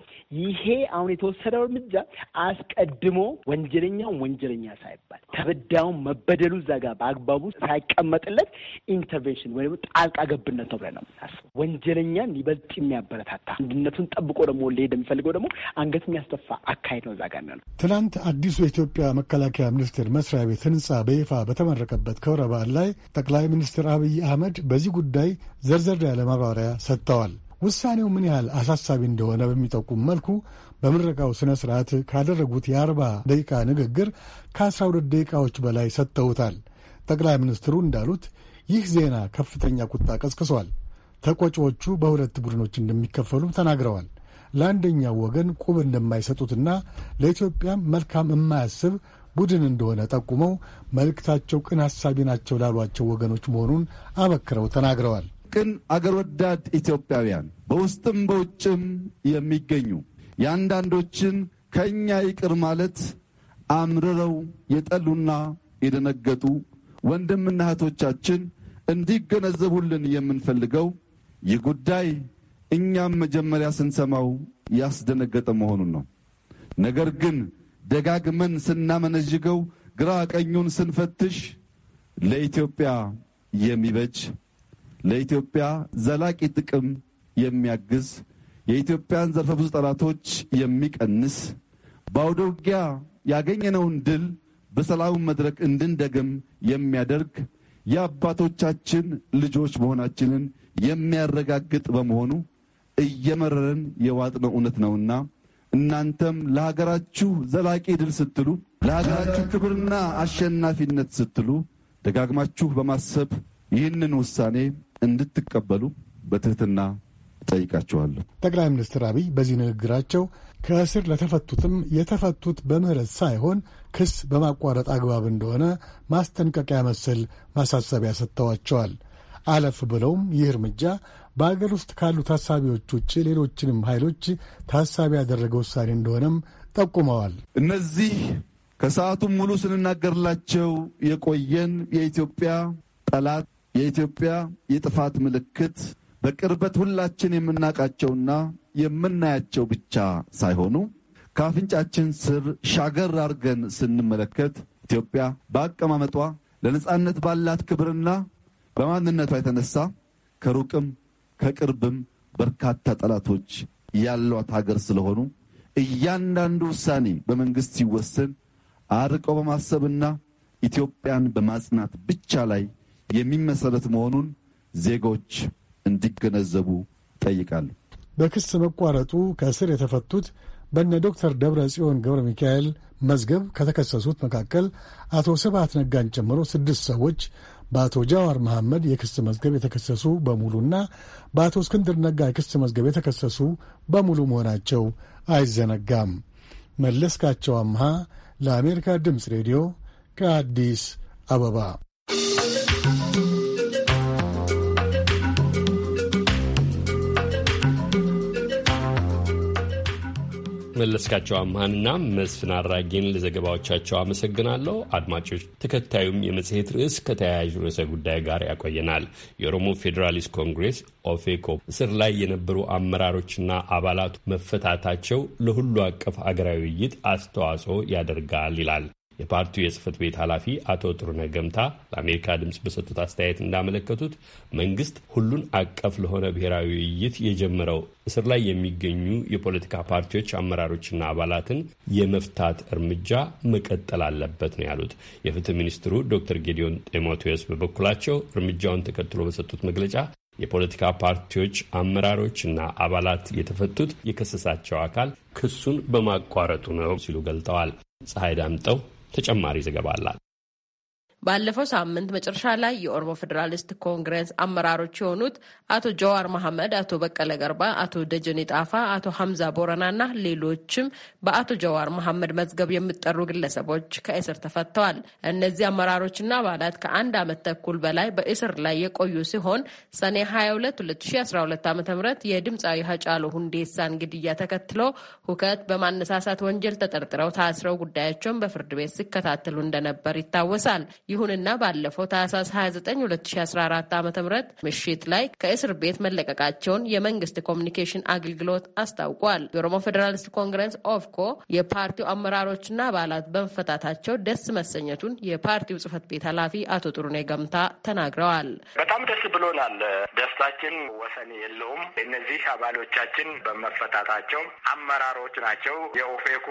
ይሄ አሁን የተወሰደው እርምጃ አስቀድሞ ወንጀለኛውን ወንጀለኛ ሳይባል ተበዳዩን መበደሉ እዛ ጋር በአግባቡ ሳይቀመ የሚቀመጥለት ኢንተርቬንሽን ወይም ጣልቃ ገብነት ነው ብለን ነው የምናስበው። ወንጀለኛን ይበልጥ የሚያበረታታ አንድነቱን ጠብቆ ደግሞ ሊሄድ የሚፈልገው ደግሞ አንገት የሚያስደፋ አካሄድ ነው እዛ ጋር ነው። ትናንት አዲሱ የኢትዮጵያ መከላከያ ሚኒስቴር መስሪያ ቤት ህንጻ በይፋ በተመረቀበት ክብረ በዓል ላይ ጠቅላይ ሚኒስትር አብይ አህመድ በዚህ ጉዳይ ዘርዘር ያለ ማብራሪያ ሰጥተዋል። ውሳኔው ምን ያህል አሳሳቢ እንደሆነ በሚጠቁም መልኩ በምረቃው ስነ ስርዓት ካደረጉት የአርባ ደቂቃ ንግግር ከአስራ ሁለት ደቂቃዎች በላይ ሰጥተውታል። ጠቅላይ ሚኒስትሩ እንዳሉት ይህ ዜና ከፍተኛ ቁጣ ቀስቅሷል። ተቆጪዎቹ በሁለት ቡድኖች እንደሚከፈሉም ተናግረዋል። ለአንደኛው ወገን ቁብ እንደማይሰጡትና ለኢትዮጵያም መልካም የማያስብ ቡድን እንደሆነ ጠቁመው መልእክታቸው ቅን ሐሳቢ ናቸው ላሏቸው ወገኖች መሆኑን አበክረው ተናግረዋል። ቅን አገር ወዳድ ኢትዮጵያውያን በውስጥም በውጭም የሚገኙ የአንዳንዶችን ከእኛ ይቅር ማለት አምርረው የጠሉና የደነገጡ ወንድምና እህቶቻችን እንዲገነዘቡልን የምንፈልገው ይህ ጉዳይ እኛም መጀመሪያ ስንሰማው ያስደነገጠ መሆኑን ነው። ነገር ግን ደጋግመን ስናመነዥገው፣ ግራ ቀኙን ስንፈትሽ ለኢትዮጵያ የሚበጅ ለኢትዮጵያ ዘላቂ ጥቅም የሚያግዝ የኢትዮጵያን ዘርፈ ብዙ ጠላቶች የሚቀንስ በአውደ ውጊያ ያገኘነውን ድል በሰላም መድረክ እንድንደግም የሚያደርግ የአባቶቻችን ልጆች መሆናችንን የሚያረጋግጥ በመሆኑ እየመረረን የዋጥነው እውነት ነውና እናንተም ለሀገራችሁ ዘላቂ ድል ስትሉ፣ ለሀገራችሁ ክብርና አሸናፊነት ስትሉ ደጋግማችሁ በማሰብ ይህንን ውሳኔ እንድትቀበሉ በትህትና ጠይቃችኋለሁ። ጠቅላይ ሚኒስትር አብይ በዚህ ንግግራቸው ከእስር ለተፈቱትም የተፈቱት በምህረት ሳይሆን ክስ በማቋረጥ አግባብ እንደሆነ ማስጠንቀቂያ መሰል ማሳሰቢያ ሰጥተዋቸዋል። አለፍ ብለውም ይህ እርምጃ በአገር ውስጥ ካሉ ታሳቢዎች ውጭ ሌሎችንም ኃይሎች ታሳቢ ያደረገ ውሳኔ እንደሆነም ጠቁመዋል። እነዚህ ከሰዓቱም ሙሉ ስንናገርላቸው የቆየን የኢትዮጵያ ጠላት፣ የኢትዮጵያ የጥፋት ምልክት በቅርበት ሁላችን የምናውቃቸውና የምናያቸው ብቻ ሳይሆኑ ከአፍንጫችን ስር ሻገር አድርገን ስንመለከት ኢትዮጵያ በአቀማመጧ ለነጻነት ባላት ክብርና በማንነቷ የተነሳ ከሩቅም ከቅርብም በርካታ ጠላቶች ያሏት ሀገር ስለሆኑ እያንዳንዱ ውሳኔ በመንግስት ሲወሰን አርቆ በማሰብና ኢትዮጵያን በማጽናት ብቻ ላይ የሚመሰረት መሆኑን ዜጎች እንዲገነዘቡ ጠይቃለሁ። በክስ መቋረጡ ከእስር የተፈቱት በነ ዶክተር ደብረ ጽዮን ገብረ ሚካኤል መዝገብ ከተከሰሱት መካከል አቶ ስብሐት ነጋን ጨምሮ ስድስት ሰዎች በአቶ ጃዋር መሐመድ የክስ መዝገብ የተከሰሱ በሙሉና በአቶ እስክንድር ነጋ የክስ መዝገብ የተከሰሱ በሙሉ መሆናቸው አይዘነጋም። መለስካቸው አምሃ ለአሜሪካ ድምፅ ሬዲዮ ከአዲስ አበባ መለስካቸው አምሃንና መስፍን አራጌን ለዘገባዎቻቸው አመሰግናለሁ። አድማጮች፣ ተከታዩም የመጽሔት ርዕስ ከተያያዥ ርዕሰ ጉዳይ ጋር ያቆየናል። የኦሮሞ ፌዴራሊስት ኮንግሬስ ኦፌኮ እስር ላይ የነበሩ አመራሮችና አባላቱ መፈታታቸው ለሁሉ አቀፍ አገራዊ ውይይት አስተዋጽኦ ያደርጋል ይላል የፓርቲው የጽህፈት ቤት ኃላፊ አቶ ጥሩነ ገምታ ለአሜሪካ ድምፅ በሰጡት አስተያየት እንዳመለከቱት መንግስት ሁሉን አቀፍ ለሆነ ብሔራዊ ውይይት የጀመረው እስር ላይ የሚገኙ የፖለቲካ ፓርቲዎች አመራሮችና አባላትን የመፍታት እርምጃ መቀጠል አለበት ነው ያሉት። የፍትህ ሚኒስትሩ ዶክተር ጌዲዮን ጢሞቴዎስ በበኩላቸው እርምጃውን ተከትሎ በሰጡት መግለጫ የፖለቲካ ፓርቲዎች አመራሮችና አባላት የተፈቱት የከሰሳቸው አካል ክሱን በማቋረጡ ነው ሲሉ ገልጠዋል። ፀሐይ ዳምጠው ተጨማሪ ዘገባ አላት። ባለፈው ሳምንት መጨረሻ ላይ የኦሮሞ ፌዴራሊስት ኮንግረስ አመራሮች የሆኑት አቶ ጀዋር መሐመድ፣ አቶ በቀለ ገርባ፣ አቶ ደጀኔ ጣፋ፣ አቶ ሀምዛ ቦረና እና ሌሎችም በአቶ ጀዋር መሐመድ መዝገብ የሚጠሩ ግለሰቦች ከእስር ተፈተዋል። እነዚህ አመራሮችና አባላት ከአንድ ዓመት ተኩል በላይ በእስር ላይ የቆዩ ሲሆን ሰኔ 22 2012 ዓ ም የድምፃዊ ሀጫሉ ሁንዴሳን ግድያ ተከትሎ ሁከት በማነሳሳት ወንጀል ተጠርጥረው ታስረው ጉዳያቸውን በፍርድ ቤት ሲከታተሉ እንደነበር ይታወሳል። ይሁንና ባለፈው ታህሳስ 29 2014 ዓ ም ምሽት ላይ ከእስር ቤት መለቀቃቸውን የመንግስት ኮሚኒኬሽን አገልግሎት አስታውቋል። የኦሮሞ ፌዴራሊስት ኮንግረስ ኦፍኮ የፓርቲው አመራሮችና አባላት በመፈታታቸው ደስ መሰኘቱን የፓርቲው ጽህፈት ቤት ኃላፊ አቶ ጥሩኔ ገምታ ተናግረዋል። በጣም ደስ ብሎናል። ደስታችን ወሰን የለውም። እነዚህ አባሎቻችን በመፈታታቸው አመራሮች ናቸው። የኦፌኮ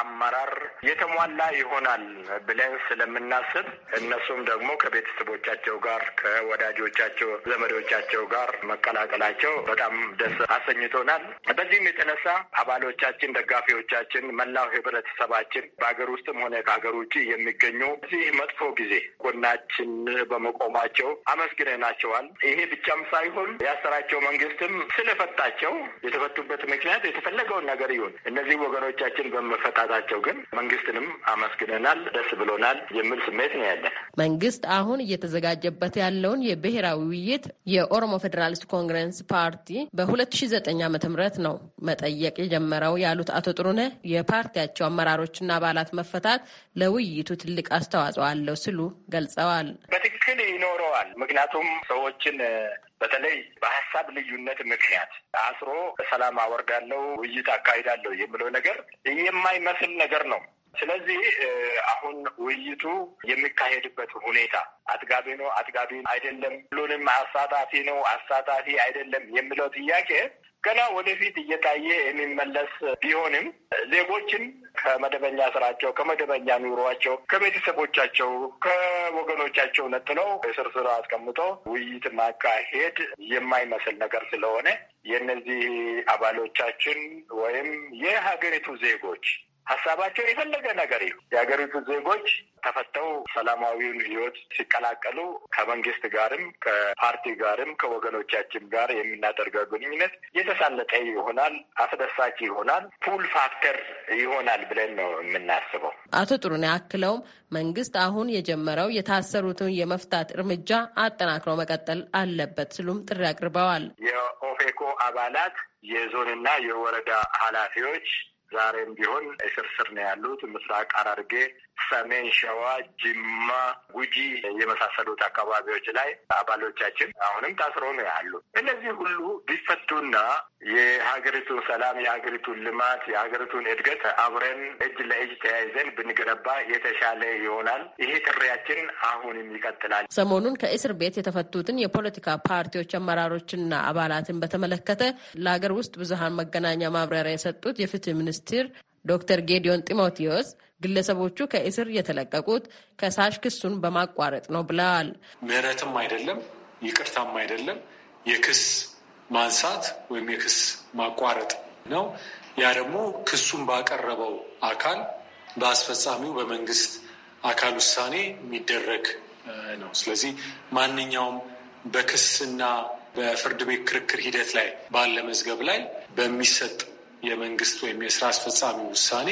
አመራር የተሟላ ይሆናል ብለን ስለምናስብ እነሱም ደግሞ ከቤተሰቦቻቸው ጋር ከወዳጆቻቸው፣ ዘመዶቻቸው ጋር መቀላቀላቸው በጣም ደስ አሰኝቶናል። በዚህም የተነሳ አባሎቻችን፣ ደጋፊዎቻችን፣ መላው ህብረተሰባችን በሀገር ውስጥም ሆነ ከሀገር ውጭ የሚገኙ እዚህ መጥፎ ጊዜ ጎናችን በመቆማቸው አመስግነናቸዋል። ይሄ ብቻም ሳይሆን ያሰራቸው መንግስትም ስለፈታቸው የተፈቱበት ምክንያት የተፈለገውን ነገር ይሁን እነዚህ ወገኖቻችን በመፈታታቸው ግን መንግስትንም አመስግነናል፣ ደስ ብሎናል የሚል ስሜት ነው ያለ። መንግስት አሁን እየተዘጋጀበት ያለውን የብሔራዊ ውይይት የኦሮሞ ፌዴራሊስት ኮንግረስ ፓርቲ በ2009 ም ነው መጠየቅ የጀመረው ያሉት አቶ ጥሩነ የፓርቲያቸው አመራሮችና አባላት መፈታት ለውይይቱ ትልቅ አስተዋጽኦ አለው ሲሉ ገልጸዋል። በትክክል ይኖረዋል። ምክንያቱም ሰዎችን በተለይ በሀሳብ ልዩነት ምክንያት አስሮ ሰላም አወርዳለው ውይይት አካሂዳለሁ የሚለው ነገር የማይመስል ነገር ነው። ስለዚህ አሁን ውይይቱ የሚካሄድበት ሁኔታ አጥጋቢ ነው፣ አጥጋቢ አይደለም፣ ሁሉንም አሳታፊ ነው፣ አሳታፊ አይደለም የሚለው ጥያቄ ገና ወደፊት እየታየ የሚመለስ ቢሆንም ዜጎችን ከመደበኛ ስራቸው፣ ከመደበኛ ኑሯቸው፣ ከቤተሰቦቻቸው፣ ከወገኖቻቸው ነጥለው እስር ስራ አስቀምጦ ውይይት ማካሄድ የማይመስል ነገር ስለሆነ የእነዚህ አባሎቻችን ወይም የሀገሪቱ ዜጎች ሀሳባቸው የፈለገ ነገር ይሁን የሀገሪቱ ዜጎች ተፈተው ሰላማዊውን ህይወት ሲቀላቀሉ ከመንግስት ጋርም ከፓርቲ ጋርም ከወገኖቻችን ጋር የምናደርገው ግንኙነት የተሳለጠ ይሆናል፣ አስደሳች ይሆናል፣ ፑል ፋክተር ይሆናል ብለን ነው የምናስበው። አቶ ጥሩኔ ያክለውም መንግስት አሁን የጀመረው የታሰሩትን የመፍታት እርምጃ አጠናክሮ መቀጠል አለበት ሲሉም ጥሪ አቅርበዋል። የኦፌኮ አባላት የዞንና የወረዳ ኃላፊዎች ዛሬም ቢሆን እስር ስር ነው ያሉት። ምስራቅ ሐረርጌ፣ ሰሜን ሸዋ፣ ጅማ፣ ጉጂ የመሳሰሉት አካባቢዎች ላይ አባሎቻችን አሁንም ታስሮ ነው ያሉ። እነዚህ ሁሉ ቢፈቱና የሀገሪቱን ሰላም፣ የሀገሪቱን ልማት፣ የሀገሪቱን እድገት አብረን እጅ ለእጅ ተያይዘን ብንገነባ የተሻለ ይሆናል። ይሄ ጥሪያችን አሁንም ይቀጥላል። ሰሞኑን ከእስር ቤት የተፈቱትን የፖለቲካ ፓርቲዎች አመራሮችና አባላትን በተመለከተ ለሀገር ውስጥ ብዙሀን መገናኛ ማብራሪያ የሰጡት የፍትህ ሚኒስ ሚኒስትር ዶክተር ጌዲዮን ጢሞቴዎስ ግለሰቦቹ ከእስር የተለቀቁት ከሳሽ ክሱን በማቋረጥ ነው ብለዋል። ምህረትም አይደለም ይቅርታም አይደለም የክስ ማንሳት ወይም የክስ ማቋረጥ ነው። ያ ደግሞ ክሱን ባቀረበው አካል በአስፈጻሚው በመንግስት አካል ውሳኔ የሚደረግ ነው። ስለዚህ ማንኛውም በክስና በፍርድ ቤት ክርክር ሂደት ላይ ባለ መዝገብ ላይ በሚሰጥ የመንግስት ወይም የስራ አስፈጻሚ ውሳኔ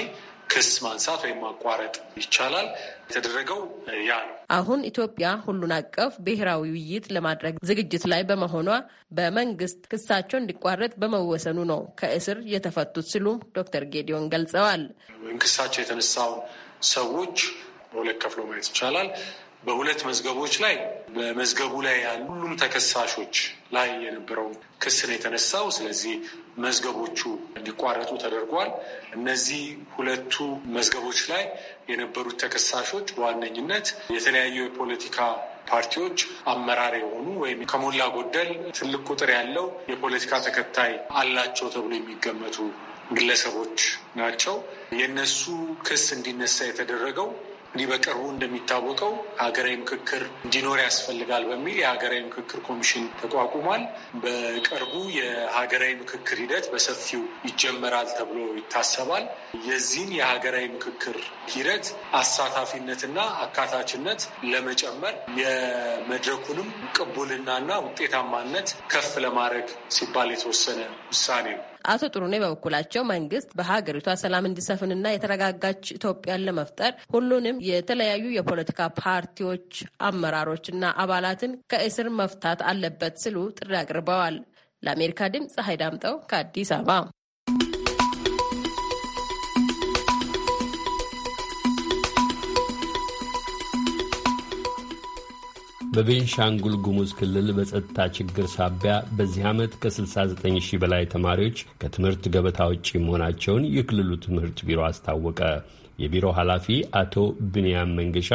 ክስ ማንሳት ወይም ማቋረጥ ይቻላል። የተደረገው ያ ነው። አሁን ኢትዮጵያ ሁሉን አቀፍ ብሔራዊ ውይይት ለማድረግ ዝግጅት ላይ በመሆኗ በመንግስት ክሳቸው እንዲቋረጥ በመወሰኑ ነው ከእስር የተፈቱት ሲሉ ዶክተር ጌዲዮን ገልጸዋል። ክሳቸው የተነሳውን ሰዎች በሁለት ከፍሎ ማየት ይቻላል። በሁለት መዝገቦች ላይ በመዝገቡ ላይ ያሉ ሁሉም ተከሳሾች ላይ የነበረው ክስ ነው የተነሳው። ስለዚህ መዝገቦቹ እንዲቋረጡ ተደርጓል። እነዚህ ሁለቱ መዝገቦች ላይ የነበሩት ተከሳሾች በዋነኝነት የተለያዩ የፖለቲካ ፓርቲዎች አመራር የሆኑ ወይም ከሞላ ጎደል ትልቅ ቁጥር ያለው የፖለቲካ ተከታይ አላቸው ተብሎ የሚገመቱ ግለሰቦች ናቸው። የእነሱ ክስ እንዲነሳ የተደረገው እንዲህ በቅርቡ እንደሚታወቀው ሀገራዊ ምክክር እንዲኖር ያስፈልጋል በሚል የሀገራዊ ምክክር ኮሚሽን ተቋቁሟል። በቅርቡ የሀገራዊ ምክክር ሂደት በሰፊው ይጀመራል ተብሎ ይታሰባል። የዚህን የሀገራዊ ምክክር ሂደት አሳታፊነትና አካታችነት ለመጨመር የመድረኩንም ቅቡልናና ውጤታማነት ከፍ ለማድረግ ሲባል የተወሰነ ውሳኔ ነው። አቶ ጥሩኔ በበኩላቸው መንግስት በሀገሪቷ ሰላም እንዲሰፍንና የተረጋጋች ኢትዮጵያን ለመፍጠር ሁሉንም የተለያዩ የፖለቲካ ፓርቲዎች አመራሮችና አባላትን ከእስር መፍታት አለበት ሲሉ ጥሪ አቅርበዋል። ለአሜሪካ ድምፅ ፀሐይ ዳምጠው ከአዲስ አበባ በቤንሻንጉል ጉሙዝ ክልል በጸጥታ ችግር ሳቢያ በዚህ ዓመት ከ69 ሺህ በላይ ተማሪዎች ከትምህርት ገበታ ውጪ መሆናቸውን የክልሉ ትምህርት ቢሮ አስታወቀ። የቢሮ ኃላፊ አቶ ብንያም መንገሻ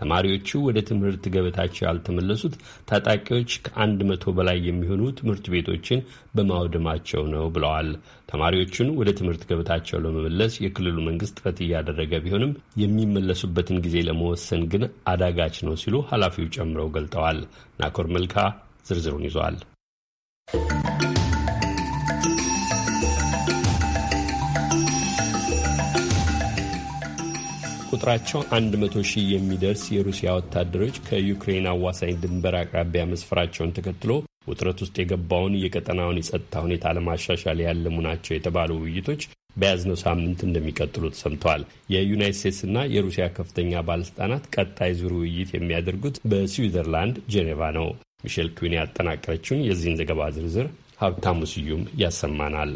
ተማሪዎቹ ወደ ትምህርት ገበታቸው ያልተመለሱት ታጣቂዎች ከአንድ መቶ በላይ የሚሆኑ ትምህርት ቤቶችን በማውደማቸው ነው ብለዋል። ተማሪዎቹን ወደ ትምህርት ገበታቸው ለመመለስ የክልሉ መንግስት ጥረት እያደረገ ቢሆንም የሚመለሱበትን ጊዜ ለመወሰን ግን አዳጋች ነው ሲሉ ኃላፊው ጨምረው ገልጠዋል። ናኮር መልካ ዝርዝሩን ይዟል። ቁጥራቸው 100 ሺህ የሚደርስ የሩሲያ ወታደሮች ከዩክሬን አዋሳኝ ድንበር አቅራቢያ መስፈራቸውን ተከትሎ ውጥረት ውስጥ የገባውን የቀጠናውን የጸጥታ ሁኔታ ለማሻሻል ያለሙ ናቸው የተባሉ ውይይቶች በያዝነው ሳምንት እንደሚቀጥሉ ተሰምተዋል። የዩናይት ስቴትስና የሩሲያ ከፍተኛ ባለስልጣናት ቀጣይ ዙር ውይይት የሚያደርጉት በስዊዘርላንድ ጄኔቫ ነው። ሚሼል ኩዊን ያጠናቀረችውን የዚህን ዘገባ ዝርዝር ሀብታሙ ስዩም ያሰማናል።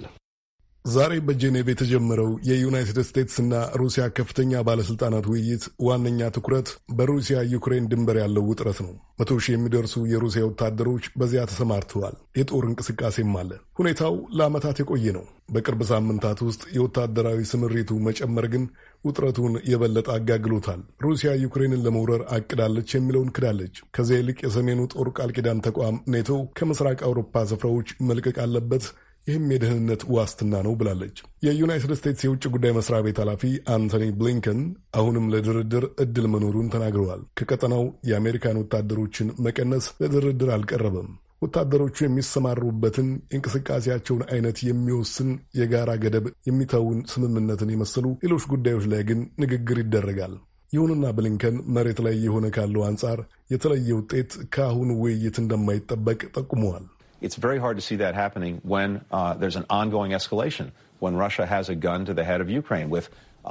ዛሬ በጄኔቭ የተጀመረው የዩናይትድ እና ሩሲያ ከፍተኛ ባለስልጣናት ውይይት ዋነኛ ትኩረት በሩሲያ ዩክሬን ድንበር ያለው ውጥረት ነው። መቶ ሺህ የሚደርሱ የሩሲያ ወታደሮች በዚያ ተሰማርተዋል። የጦር እንቅስቃሴም አለ። ሁኔታው ለዓመታት የቆየ ነው። በቅርብ ሳምንታት ውስጥ የወታደራዊ ስምሪቱ መጨመር ግን ውጥረቱን የበለጠ አጋግሎታል። ሩሲያ ዩክሬንን ለመውረር አቅዳለች የሚለውን ክዳለች። ከዚያ ይልቅ የሰሜኑ ጦር ቃል ኪዳን ተቋም ኔቶ ከምስራቅ አውሮፓ ስፍራዎች መልቀቅ አለበት ይህም የደህንነት ዋስትና ነው ብላለች። የዩናይትድ ስቴትስ የውጭ ጉዳይ መስሪያ ቤት ኃላፊ አንቶኒ ብሊንከን አሁንም ለድርድር እድል መኖሩን ተናግረዋል። ከቀጠናው የአሜሪካን ወታደሮችን መቀነስ ለድርድር አልቀረበም። ወታደሮቹ የሚሰማሩበትን እንቅስቃሴያቸውን አይነት የሚወስን የጋራ ገደብ የሚተውን ስምምነትን የመሰሉ ሌሎች ጉዳዮች ላይ ግን ንግግር ይደረጋል። ይሁንና ብሊንከን መሬት ላይ የሆነ ካለው አንጻር የተለየ ውጤት ከአሁኑ ውይይት እንደማይጠበቅ ጠቁመዋል። It's very hard to see that happening when uh, there's an ongoing escalation, when Russia has a gun to the head of Ukraine with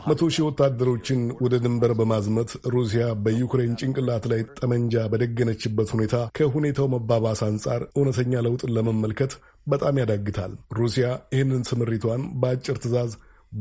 መቶ ሺህ ወታደሮችን ወደ ድንበር በማዝመት ሩሲያ በዩክሬን ጭንቅላት ላይ ጠመንጃ በደገነችበት ሁኔታ ከሁኔታው መባባስ አንጻር እውነተኛ ለውጥን ለመመልከት በጣም ያዳግታል። ሩሲያ ይህንን ስምሪቷን በአጭር ትዕዛዝ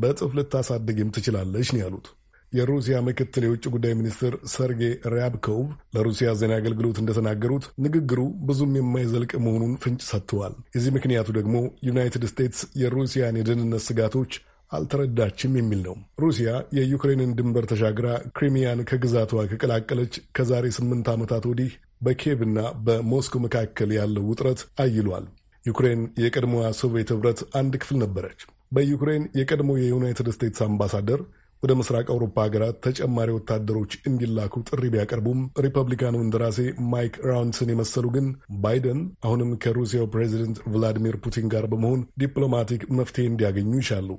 በእጥፍ ልታሳድግም ትችላለች ነው ያሉት። የሩሲያ ምክትል የውጭ ጉዳይ ሚኒስትር ሰርጌይ ሪያብኮቭ ለሩሲያ ዜና አገልግሎት እንደተናገሩት ንግግሩ ብዙም የማይዘልቅ መሆኑን ፍንጭ ሰጥተዋል። የዚህ ምክንያቱ ደግሞ ዩናይትድ ስቴትስ የሩሲያን የደህንነት ስጋቶች አልተረዳችም የሚል ነው። ሩሲያ የዩክሬንን ድንበር ተሻግራ ክሪሚያን ከግዛቷ ከቀላቀለች ከዛሬ ስምንት ዓመታት ወዲህ በኪየቭና በሞስኮ መካከል ያለው ውጥረት አይሏል። ዩክሬን የቀድሞዋ ሶቪየት ኅብረት አንድ ክፍል ነበረች። በዩክሬን የቀድሞ የዩናይትድ ስቴትስ አምባሳደር ወደ ምስራቅ አውሮፓ ሀገራት ተጨማሪ ወታደሮች እንዲላኩ ጥሪ ቢያቀርቡም ሪፐብሊካኑ እንደራሴ ማይክ ራውንስን የመሰሉ ግን ባይደን አሁንም ከሩሲያው ፕሬዚደንት ቭላዲሚር ፑቲን ጋር በመሆን ዲፕሎማቲክ መፍትሄ እንዲያገኙ ይሻሉ።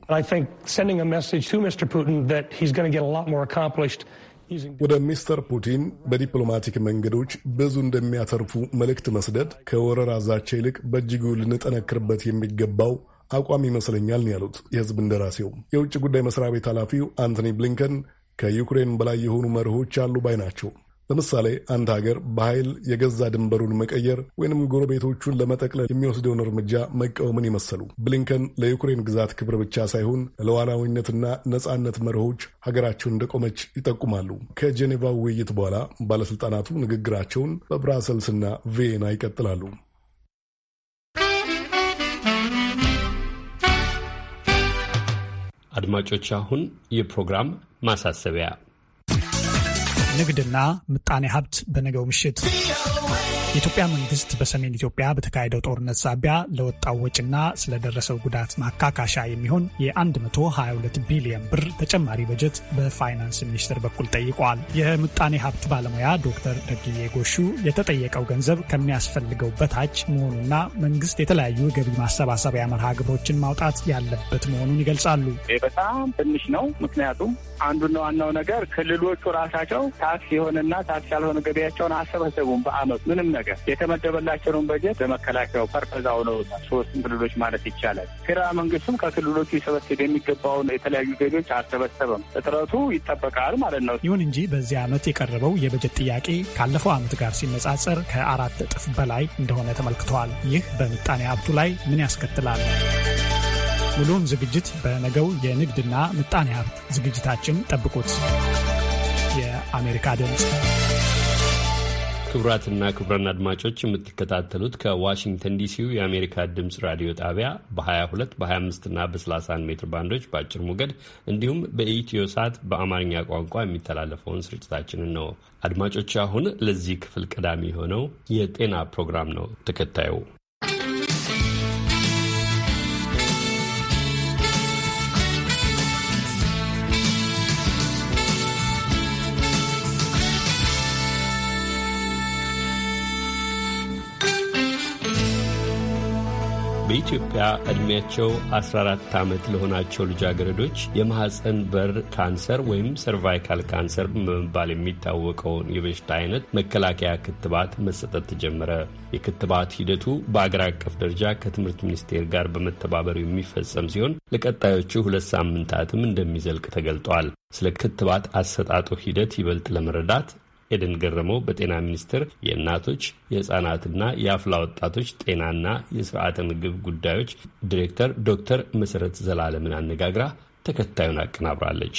ወደ ሚስተር ፑቲን በዲፕሎማቲክ መንገዶች ብዙ እንደሚያተርፉ መልእክት መስደድ ከወረራ ዛቻ ይልቅ በእጅጉ ልንጠነክርበት የሚገባው አቋም ይመስለኛል ነው ያሉት የህዝብ እንደራሴው። የውጭ ጉዳይ መስሪያ ቤት ኃላፊው አንቶኒ ብሊንከን ከዩክሬን በላይ የሆኑ መርሆች አሉ ባይ ናቸው። ለምሳሌ አንድ ሀገር በኃይል የገዛ ድንበሩን መቀየር ወይንም ጎረቤቶቹን ለመጠቅለል የሚወስደውን እርምጃ መቃወምን ይመሰሉ። ብሊንከን ለዩክሬን ግዛት ክብር ብቻ ሳይሆን ለሉዓላዊነትና ነጻነት መርሆች ሀገራቸውን እንደቆመች ይጠቁማሉ። ከጄኔቫ ውይይት በኋላ ባለስልጣናቱ ንግግራቸውን በብራሰልስና ቪየና ይቀጥላሉ። አድማጮች አሁን የፕሮግራም ማሳሰቢያ ንግድና ምጣኔ ሀብት በነገው ምሽት የኢትዮጵያ መንግስት በሰሜን ኢትዮጵያ በተካሄደው ጦርነት ሳቢያ ለወጣው ወጪና ስለደረሰው ጉዳት ማካካሻ የሚሆን የ122 ቢሊዮን ብር ተጨማሪ በጀት በፋይናንስ ሚኒስቴር በኩል ጠይቋል። የምጣኔ ሀብት ባለሙያ ዶክተር ደግዬ ጎሹ የተጠየቀው ገንዘብ ከሚያስፈልገው በታች መሆኑና መንግስት የተለያዩ የገቢ ማሰባሰቢያ መርሃ ግብሮችን ማውጣት ያለበት መሆኑን ይገልጻሉ። በጣም ትንሽ ነው። ምክንያቱም አንዱና ዋናው ነገር ክልሎቹ ራሳቸው ታክስ የሆነና ታክስ ያልሆነ ገቢያቸውን አሰበሰቡም። በአመቱ ምንም ነገር የተመደበላቸውን በጀት በመከላከያው ፐርፐዛ አውለውታል። ሶስቱም ክልሎች ማለት ይቻላል። ፌዴራል መንግስቱም ከክልሎቹ ይሰበስብ የሚገባውን የተለያዩ ገቢዎች አልሰበሰበም። እጥረቱ ይጠበቃል ማለት ነው። ይሁን እንጂ በዚህ አመት የቀረበው የበጀት ጥያቄ ካለፈው አመት ጋር ሲነጻጸር ከአራት እጥፍ በላይ እንደሆነ ተመልክተዋል። ይህ በምጣኔ ሀብቱ ላይ ምን ያስከትላል? ሙሉውን ዝግጅት በነገው የንግድና ምጣኔ ሀብት ዝግጅታችን ጠብቁት። የአሜሪካ ድምፅ ክቡራትና ክቡራን አድማጮች የምትከታተሉት ከዋሽንግተን ዲሲው የአሜሪካ ድምፅ ራዲዮ ጣቢያ በ22 በ25ና በ31 ሜትር ባንዶች በአጭር ሞገድ እንዲሁም በኢትዮ ሳት በአማርኛ ቋንቋ የሚተላለፈውን ስርጭታችንን ነው። አድማጮች አሁን ለዚህ ክፍል ቀዳሚ የሆነው የጤና ፕሮግራም ነው ተከታዩ በኢትዮጵያ ዕድሜያቸው 14 ዓመት ለሆናቸው ልጃገረዶች የማህፀን በር ካንሰር ወይም ሰርቫይካል ካንሰር በመባል የሚታወቀውን የበሽታ አይነት መከላከያ ክትባት መሰጠት ተጀመረ። የክትባት ሂደቱ በአገር አቀፍ ደረጃ ከትምህርት ሚኒስቴር ጋር በመተባበር የሚፈጸም ሲሆን ለቀጣዮቹ ሁለት ሳምንታትም እንደሚዘልቅ ተገልጧል። ስለ ክትባት አሰጣጡ ሂደት ይበልጥ ለመረዳት ኤደን ገረመው በጤና ሚኒስቴር የእናቶች የህፃናትና የአፍላ ወጣቶች ጤናና የስርዓተ ምግብ ጉዳዮች ዲሬክተር ዶክተር መሰረት ዘላለምን አነጋግራ ተከታዩን አቀናብራለች።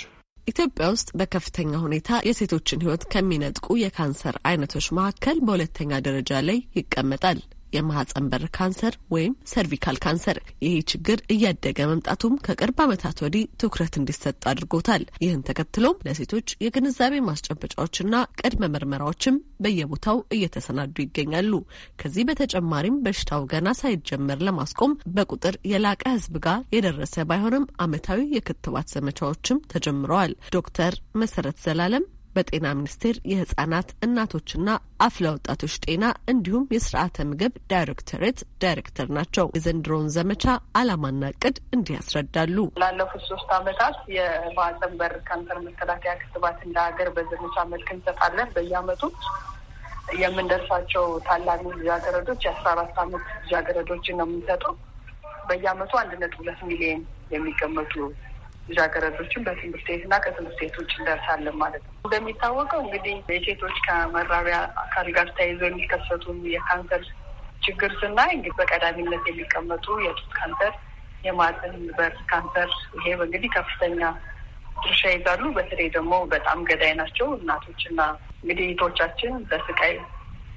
ኢትዮጵያ ውስጥ በከፍተኛ ሁኔታ የሴቶችን ህይወት ከሚነጥቁ የካንሰር አይነቶች መካከል በሁለተኛ ደረጃ ላይ ይቀመጣል። የማህፀን በር ካንሰር ወይም ሰርቪካል ካንሰር። ይሄ ችግር እያደገ መምጣቱም ከቅርብ ዓመታት ወዲህ ትኩረት እንዲሰጥ አድርጎታል። ይህን ተከትሎም ለሴቶች የግንዛቤ ማስጨበጫዎችና ቅድመ ምርመራዎችም በየቦታው እየተሰናዱ ይገኛሉ። ከዚህ በተጨማሪም በሽታው ገና ሳይጀመር ለማስቆም በቁጥር የላቀ ህዝብ ጋር የደረሰ ባይሆንም ዓመታዊ የክትባት ዘመቻዎችም ተጀምረዋል። ዶክተር መሰረት ዘላለም በጤና ሚኒስቴር የህጻናት እናቶችና አፍለወጣቶች ወጣቶች ጤና እንዲሁም የስርዓተ ምግብ ዳይሬክተሬት ዳይሬክተር ናቸው። የዘንድሮውን ዘመቻ አላማና እቅድ እንዲህ ያስረዳሉ። ላለፉት ሶስት ዓመታት የማህፀን በር ካንሰር መከላከያ ክትባት እንደ ሀገር በዘመቻ መልክ እንሰጣለን። በየአመቱ የምንደርሳቸው ታላሚ ልጃገረዶች የአስራ አራት አመት ልጃገረዶችን ነው የምንሰጠው። በየአመቱ አንድ ነጥብ ሁለት ሚሊዮን የሚገመቱ ልጃገረዶችን በትምህርት ቤትና ከትምህርት ቤት ውጭ እንደርሳለን ማለት ነው። እንደሚታወቀው እንግዲህ የሴቶች ከመራቢያ አካል ጋር ተይዞ የሚከሰቱ የካንሰር ችግር ስናይ እንግዲህ በቀዳሚነት የሚቀመጡ የጡት ካንሰር፣ የማህፀን በር ካንሰር ይሄ እንግዲህ ከፍተኛ ድርሻ ይዛሉ። በተለይ ደግሞ በጣም ገዳይ ናቸው። እናቶችና እንግዲህ እህቶቻችን በስቃይ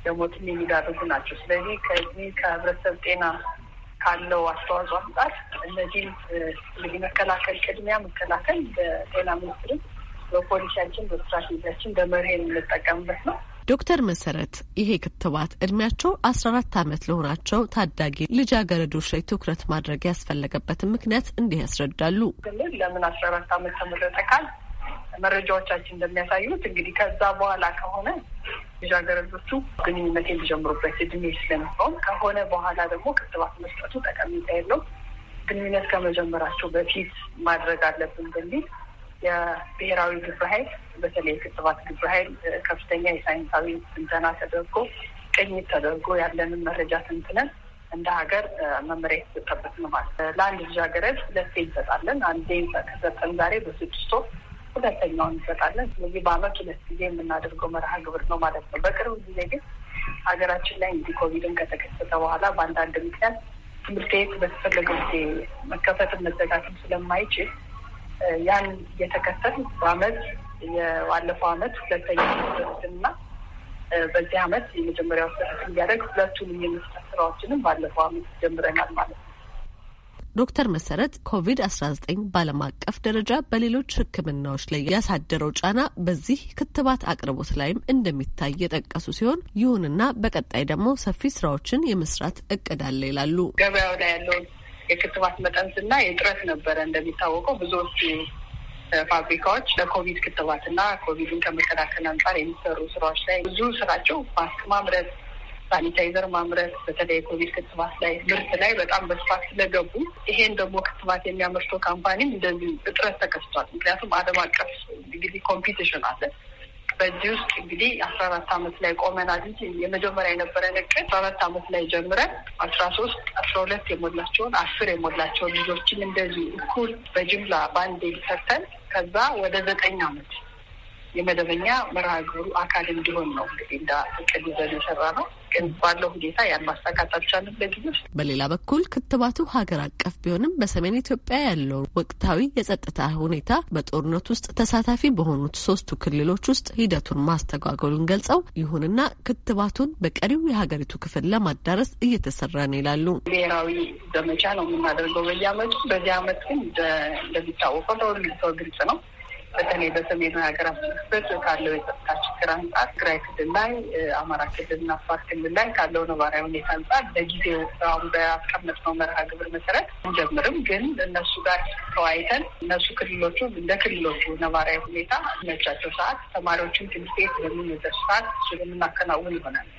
ለሞትም የሚዳርጉ ናቸው። ስለዚህ ከዚህ ከህብረተሰብ ጤና ካለው አስተዋጽኦ አንጻር እነዚህም እንግዲህ መከላከል ቅድሚያ መከላከል በጤና ሚኒስትርም በፖሊሲያችን በስትራቴጂያችን በመርህ የምንጠቀምበት ነው። ዶክተር መሰረት ይሄ ክትባት እድሜያቸው አስራ አራት አመት ለሆናቸው ታዳጊ ልጃገረዶች ላይ ትኩረት ማድረግ ያስፈለገበትን ምክንያት እንዲህ ያስረዳሉ። ለምን አስራ አራት አመት ተመረጠ ካል መረጃዎቻችን እንደሚያሳዩት እንግዲህ ከዛ በኋላ ከሆነ ልጃገረዶቹ ግንኙነት የሚጀምሩበት እድሜ ስለሚሆን ከሆነ በኋላ ደግሞ ክትባት መስጠቱ ጠቀሜታ የለው ግንኙነት ከመጀመራቸው በፊት ማድረግ አለብን በሚል የብሔራዊ ግብረ ኃይል በተለይ የክትባት ግብረ ኃይል ከፍተኛ የሳይንሳዊ ትንተና ተደርጎ ቅኝት ተደርጎ ያለንን መረጃ ትንትነን እንደ ሀገር መመሪያ የተሰጠበት ነው ማለት ለአንድ ልጃገረድ ሁለቴ እንሰጣለን። አንዴ ከሰጠን ዛሬ በስድስት ወር ሁለተኛውን እንሰጣለን። ስለዚህ በአመት ሁለት ጊዜ የምናደርገው መርሃ ግብር ነው ማለት ነው። በቅርብ ጊዜ ግን ሀገራችን ላይ እንዲህ ኮቪድን ከተከሰተ በኋላ በአንዳንድ ምክንያት ትምህርት ቤት በተፈለገው ጊዜ መከፈትን መዘጋትም ስለማይችል ያን እየተከተል በአመት የባለፈው አመት ሁለተኛ ስርትና በዚህ አመት የመጀመሪያው ስርት እንዲያደርግ ሁለቱንም የመስጠት ስራዎችንም ባለፈው አመት ጀምረናል ማለት ነው። ዶክተር መሰረት ኮቪድ-19 በዓለም አቀፍ ደረጃ በሌሎች ሕክምናዎች ላይ ያሳደረው ጫና በዚህ ክትባት አቅርቦት ላይም እንደሚታይ የጠቀሱ ሲሆን ይሁንና በቀጣይ ደግሞ ሰፊ ስራዎችን የመስራት እቅድ አለ ይላሉ። ገበያው ላይ ያለውን የክትባት መጠን ስናይ እጥረት ነበረ። እንደሚታወቀው ብዙዎቹ ፋብሪካዎች ለኮቪድ ክትባትና ኮቪድን ከመከላከል አንጻር የሚሰሩ ስራዎች ላይ ብዙ ስራቸው ማስክ ማምረት ሳኒታይዘር ማምረት በተለይ የኮቪድ ክትባት ላይ ምርት ላይ በጣም በስፋት ስለገቡ ይሄን ደግሞ ክትባት የሚያመርተው ካምፓኒም እንደዚህ እጥረት ተከስቷል። ምክንያቱም ዓለም አቀፍ እንግዲህ ኮምፒቲሽን አለ። በዚህ ውስጥ እንግዲህ አስራ አራት አመት ላይ ቆመናል እንጂ የመጀመሪያ የነበረን እቅድ አስራ አራት አመት ላይ ጀምረን አስራ ሶስት አስራ ሁለት የሞላቸውን አስር የሞላቸውን ልጆችን እንደዚህ እኩል በጅምላ በአንዴ ሰርተን ከዛ ወደ ዘጠኝ አመት የመደበኛ መርሃ ግብሩ አካል እንዲሆን ነው እንግዲህ እንደ እቅድ ይዘን የሰራ ነው። ግን ባለው ሁኔታ ያን ማሳካት አልቻልንም በጊዜ ውስጥ። በሌላ በኩል ክትባቱ ሀገር አቀፍ ቢሆንም በሰሜን ኢትዮጵያ ያለው ወቅታዊ የጸጥታ ሁኔታ በጦርነት ውስጥ ተሳታፊ በሆኑት ሶስቱ ክልሎች ውስጥ ሂደቱን ማስተጓገሉን ገልጸው፣ ይሁንና ክትባቱን በቀሪው የሀገሪቱ ክፍል ለማዳረስ እየተሰራ ነው ይላሉ። ብሔራዊ ዘመቻ ነው የምናደርገው በየአመቱ። በዚህ አመት ግን እንደሚታወቀው ለሁሉም ሰው ግልጽ ነው በተለይ በሰሜኑ ሀገር ክፍል ካለው የጸጥታ ችግር አንጻር ትግራይ ክልል ላይ፣ አማራ ክልልና አፋር ክልል ላይ ካለው ነባራዊ ሁኔታ አንጻር ለጊዜው አሁን በአስቀመጥነው መርሃ ግብር መሰረት እንጀምርም፣ ግን እነሱ ጋር ተወያይተን እነሱ ክልሎቹ እንደ ክልሎቹ ነባራዊ ሁኔታ እነቻቸው ሰዓት ተማሪዎችን ትምህርት ቤት በሚመለሱ ሰዓት እሱ የምናከናውን ይሆናል።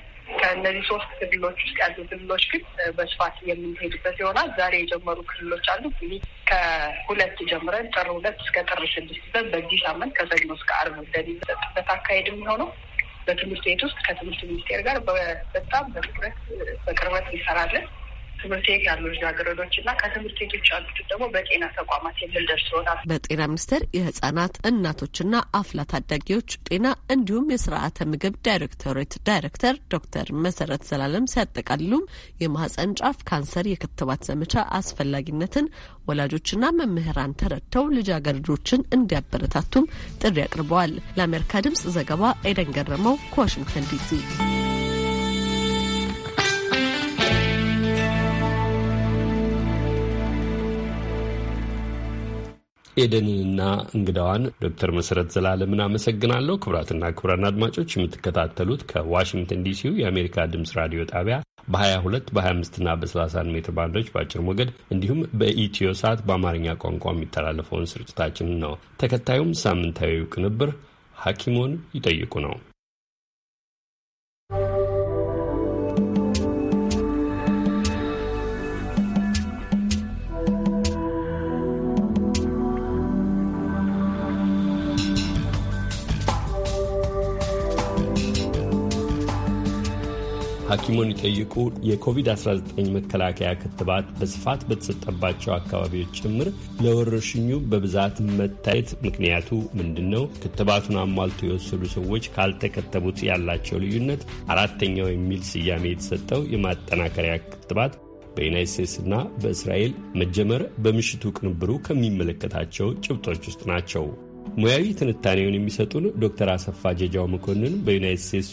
ከእነዚህ ሶስት ክልሎች ውስጥ ያሉ ክልሎች ግን በስፋት የምንሄድበት ይሆናል። ዛሬ የጀመሩ ክልሎች አሉ። እንግዲህ ከሁለት ጀምረን ጥር ሁለት እስከ ጥር ስድስት ዘን በዚህ ሳምንት ከሰኞ እስከ አርብ እንደሚሰጥበት አካሄድ የሚሆነው በትምህርት ቤት ውስጥ ከትምህርት ሚኒስቴር ጋር በጣም በትኩረት በቅርበት እንሰራለን። ትምህርት ቤት ያሉ ልጃገረዶች እና ከትምህርት ቤት ውጭ ደግሞ በጤና ተቋማት የምንደርስ ይሆናል። በጤና ሚኒስቴር የህጻናት እናቶችና አፍላ ታዳጊዎች ጤና እንዲሁም የስርዓተ ምግብ ዳይሬክቶሬት ዳይሬክተር ዶክተር መሰረት ዘላለም ሲያጠቃልሉም የማህፀን ጫፍ ካንሰር የክትባት ዘመቻ አስፈላጊነትን ወላጆችና መምህራን ተረድተው ልጃገረዶችን እንዲያበረታቱም ጥሪ አቅርበዋል። ለአሜሪካ ድምጽ ዘገባ ኤደን ገረመው ከዋሽንግተን ዲሲ ኤደንንና እንግዳዋን ዶክተር መሰረት ዘላለምን አመሰግናለሁ። ክቡራትና ክቡራን አድማጮች የምትከታተሉት ከዋሽንግተን ዲሲው የአሜሪካ ድምፅ ራዲዮ ጣቢያ በ22 በ25ና በ31 ሜትር ባንዶች በአጭር ሞገድ እንዲሁም በኢትዮ ሰዓት በአማርኛ ቋንቋ የሚተላለፈውን ስርጭታችንን ነው። ተከታዩም ሳምንታዊው ቅንብር ሐኪሞን ይጠይቁ ነው። ሐኪሙን ይጠይቁ የኮቪድ-19 መከላከያ ክትባት በስፋት በተሰጠባቸው አካባቢዎች ጭምር ለወረርሽኙ በብዛት መታየት ምክንያቱ ምንድን ነው? ክትባቱን አሟልቶ የወሰዱ ሰዎች ካልተከተቡት ያላቸው ልዩነት አራተኛው የሚል ስያሜ የተሰጠው የማጠናከሪያ ክትባት በዩናይት ስቴትስና በእስራኤል መጀመር በምሽቱ ቅንብሩ ከሚመለከታቸው ጭብጦች ውስጥ ናቸው። ሙያዊ ትንታኔውን የሚሰጡን ዶክተር አሰፋ ጀጃው መኮንን በዩናይት ስቴትሱ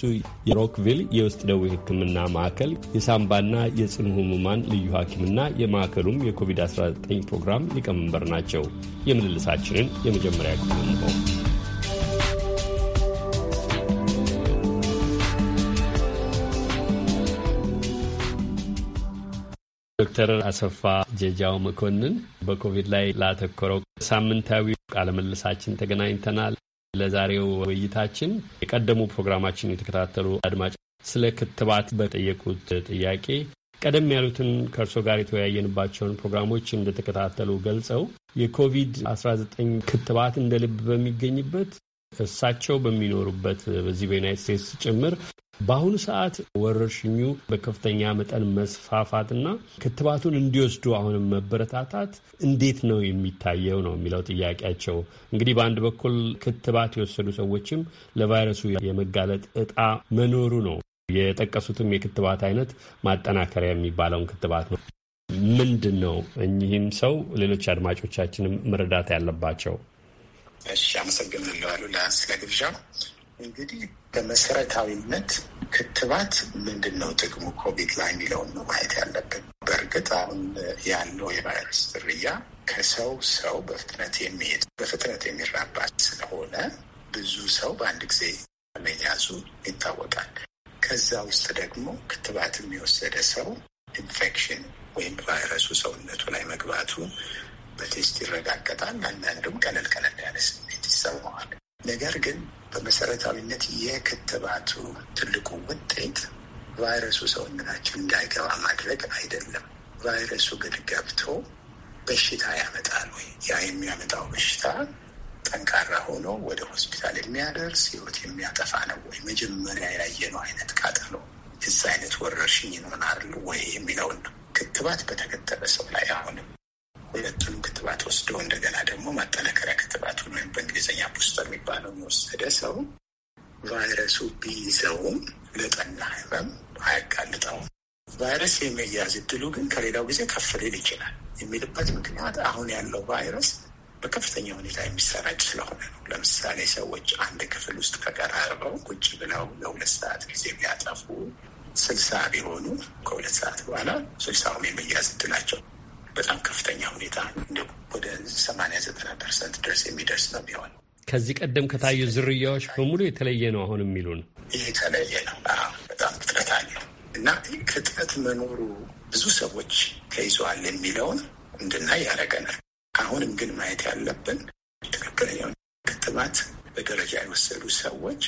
የሮክቪል የውስጥ ደዌ ሕክምና ማዕከል የሳምባና የጽኑ ህሙማን ልዩ ሐኪምና የማዕከሉም የኮቪድ-19 ፕሮግራም ሊቀመንበር ናቸው። የምልልሳችንን የመጀመሪያ ክፍል ነው። ዶክተር አሰፋ ጀጃው መኮንን በኮቪድ ላይ ላተኮረው ሳምንታዊ ቃለመልሳችን ተገናኝተናል። ለዛሬው ውይይታችን የቀደሙ ፕሮግራማችን የተከታተሉ አድማጭ ስለ ክትባት በጠየቁት ጥያቄ ቀደም ያሉትን ከእርሶ ጋር የተወያየንባቸውን ፕሮግራሞች እንደተከታተሉ ገልጸው የኮቪድ-19 ክትባት እንደ ልብ በሚገኝበት እሳቸው በሚኖሩበት በዚህ በዩናይት ስቴትስ ጭምር በአሁኑ ሰዓት ወረርሽኙ በከፍተኛ መጠን መስፋፋትና ክትባቱን እንዲወስዱ አሁንም መበረታታት እንዴት ነው የሚታየው ነው የሚለው ጥያቄያቸው። እንግዲህ በአንድ በኩል ክትባት የወሰዱ ሰዎችም ለቫይረሱ የመጋለጥ እጣ መኖሩ ነው። የጠቀሱትም የክትባት አይነት ማጠናከሪያ የሚባለውን ክትባት ነው። ምንድን ነው እኚህም ሰው ሌሎች አድማጮቻችንም መረዳት ያለባቸው? እሺ፣ አመሰግናለሁ አሉላ ስለ ግብዣው። እንግዲህ በመሰረታዊነት ክትባት ምንድን ነው ጥቅሙ ኮቪድ ላይ የሚለውን ነው ማየት ያለብን። በእርግጥ አሁን ያለው የቫይረስ ዝርያ ከሰው ሰው በፍጥነት የሚሄድ በፍጥነት የሚራባት ስለሆነ ብዙ ሰው በአንድ ጊዜ መያዙ ይታወቃል። ከዛ ውስጥ ደግሞ ክትባት የሚወሰደ ሰው ኢንፌክሽን ወይም ቫይረሱ ሰውነቱ ላይ መግባቱ በቴስት ይረጋገጣል። አንዳንድም ቀለል ቀለል ያለ ስሜት ይሰማዋል። ነገር ግን በመሰረታዊነት የክትባቱ ትልቁ ውጤት ቫይረሱ ሰውነታችን እንዳይገባ ማድረግ አይደለም። ቫይረሱ ግን ገብቶ በሽታ ያመጣል ወይ? ያ የሚያመጣው በሽታ ጠንካራ ሆኖ ወደ ሆስፒታል የሚያደርስ ህይወት የሚያጠፋ ነው ወይ? መጀመሪያ ያየነው አይነት ቃጠሎ እዛ አይነት ወረርሽኝ ይሆናል ወይ የሚለውን ክትባት በተከተበ ሰው ላይ አሁንም ሁለቱን ክትባት ወስዶ እንደገና ደግሞ ማጠናከሪያ ክትባቱን ወይም በእንግሊዝኛ ቡስተር የሚባለው የወሰደ ሰው ቫይረሱ ቢይዘውም ለጠና ህመም አያጋልጠውም። ቫይረስ የመያዝ እድሉ ግን ከሌላው ጊዜ ከፍ ሊል ይችላል የሚልበት ምክንያት አሁን ያለው ቫይረስ በከፍተኛ ሁኔታ የሚሰራጭ ስለሆነ ነው። ለምሳሌ ሰዎች አንድ ክፍል ውስጥ ተቀራርበው ቁጭ ብለው ለሁለት ሰዓት ጊዜ ቢያጠፉ ስልሳ ቢሆኑ ከሁለት ሰዓት በኋላ ስልሳውም የመያዝ እድላቸው በጣም ከፍተኛ ሁኔታ ወደ ሰማንያ ዘጠና ፐርሰንት ድረስ የሚደርስ ነው የሚሆን። ከዚህ ቀደም ከታዩ ዝርያዎች በሙሉ የተለየ ነው። አሁን የሚሉን ይህ የተለየ ነው። በጣም ፍጥረት አለው እና ፍጥረት መኖሩ ብዙ ሰዎች ተይዘዋል የሚለውን እንድናይ ያደረገናል። አሁንም ግን ማየት ያለብን ትክክለኛውን ክትባት በደረጃ የወሰዱ ሰዎች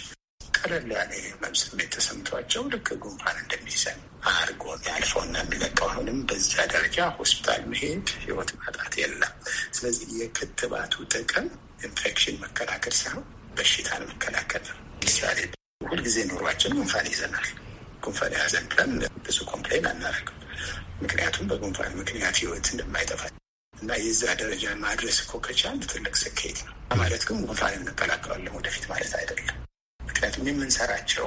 ቀለል ያለ ህመም ስሜት ተሰምቷቸው ልክ ጉንፋን እንደሚይዘን አድርጎ ያልፈውና የሚለቀው አሁንም በዚያ ደረጃ ሆስፒታል መሄድ ህይወት ማጣት የለም። ስለዚህ የክትባቱ ጥቅም ኢንፌክሽን መከላከል ሳይሆን በሽታን መከላከል ነው። ምሳሌ ሁልጊዜ ኑሯችን ጉንፋን ይዘናል። ጉንፋን ያዘን ብለን ብዙ ኮምፕሌን አናረግም። ምክንያቱም በጉንፋን ምክንያት ህይወት እንደማይጠፋ እና የዛ ደረጃ ማድረስ እኮ ከቻል ትልቅ ስኬት ነው ማለት ግን ጉንፋን እንከላከላለን ወደፊት ማለት አይደለም። ምክንያቱም የምንሰራቸው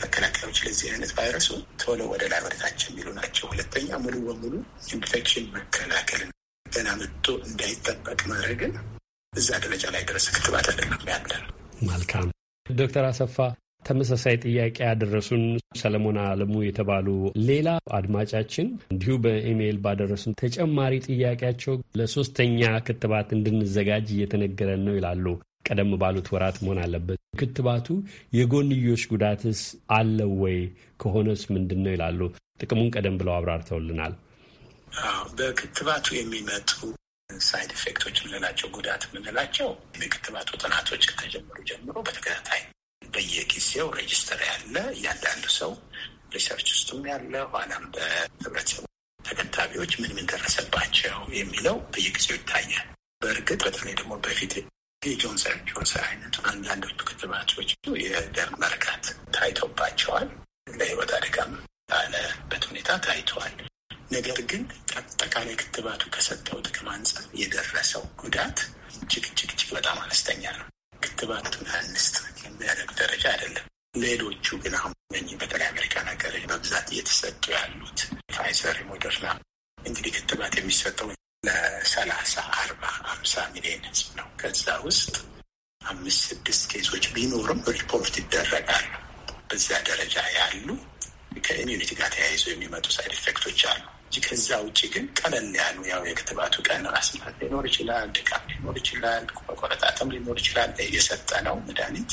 መከላከያዎች ለዚህ አይነት ቫይረሱ ቶሎ ወደ ላይ ወደታች የሚሉ ናቸው። ሁለተኛ ሙሉ በሙሉ ኢንፌክሽን መከላከል ገና መጥቶ እንዳይጠበቅ ማድረግን እዛ ደረጃ ላይ ድረስ ክትባት አይደለም ያለን። መልካም ዶክተር አሰፋ ተመሳሳይ ጥያቄ ያደረሱን ሰለሞን አለሙ የተባሉ ሌላ አድማጫችን እንዲሁ በኢሜይል ባደረሱን ተጨማሪ ጥያቄያቸው ለሶስተኛ ክትባት እንድንዘጋጅ እየተነገረን ነው ይላሉ። ቀደም ባሉት ወራት መሆን አለበት። ክትባቱ የጎንዮሽ ጉዳትስ አለው ወይ? ከሆነስ ምንድን ነው ይላሉ። ጥቅሙን ቀደም ብለው አብራርተውልናል። በክትባቱ የሚመጡ ሳይድ ኢፌክቶች የምንላቸው ጉዳት የምንላቸው የክትባቱ ጥናቶች ከተጀመሩ ጀምሮ በተከታታይ በየጊዜው ሬጅስተር ያለ እያንዳንዱ ሰው ሪሰርች ውስጡም ያለ ኋላም በህብረተሰቡ ተከታቢዎች ምን ምን ደረሰባቸው የሚለው በየጊዜው ይታያል። በእርግጥ በተለይ ደግሞ በፊት የጆንሰን ጆንሰን አይነት አንዳንዶቹ ክትባቶች የደም መርጋት ታይቶባቸዋል። ለህይወት አደጋም አለበት ሁኔታ ታይተዋል። ነገር ግን አጠቃላይ ክትባቱ ከሰጠው ጥቅም አንጻር የደረሰው ጉዳት እጅግ እጅግ እጅግ በጣም አነስተኛ ነው። ክትባቱን አንስት የሚያደርግ ደረጃ አይደለም። ሌሎቹ ግን አሁን በተለይ አሜሪካን ሀገር በብዛት እየተሰጡ ያሉት ፋይዘር፣ ሞደርና እንግዲህ ክትባት የሚሰጠው ለሰላሳ አርባ አምሳ ሚሊዮን ህዝብ ነው። ከዛ ውስጥ አምስት ስድስት ኬሶች ቢኖርም ሪፖርት ይደረጋሉ። በዛ ደረጃ ያሉ ከኢሚዩኒቲ ጋር ተያይዞ የሚመጡ ሳይድ ኢፌክቶች አሉ እ ከዛ ውጭ ግን ቀለል ያሉ ያው የክትባቱ ቀን ራስምታት ሊኖር ይችላል፣ ድካም ሊኖር ይችላል፣ ቆረጣጠም ሊኖር ይችላል። ነው መድኃኒት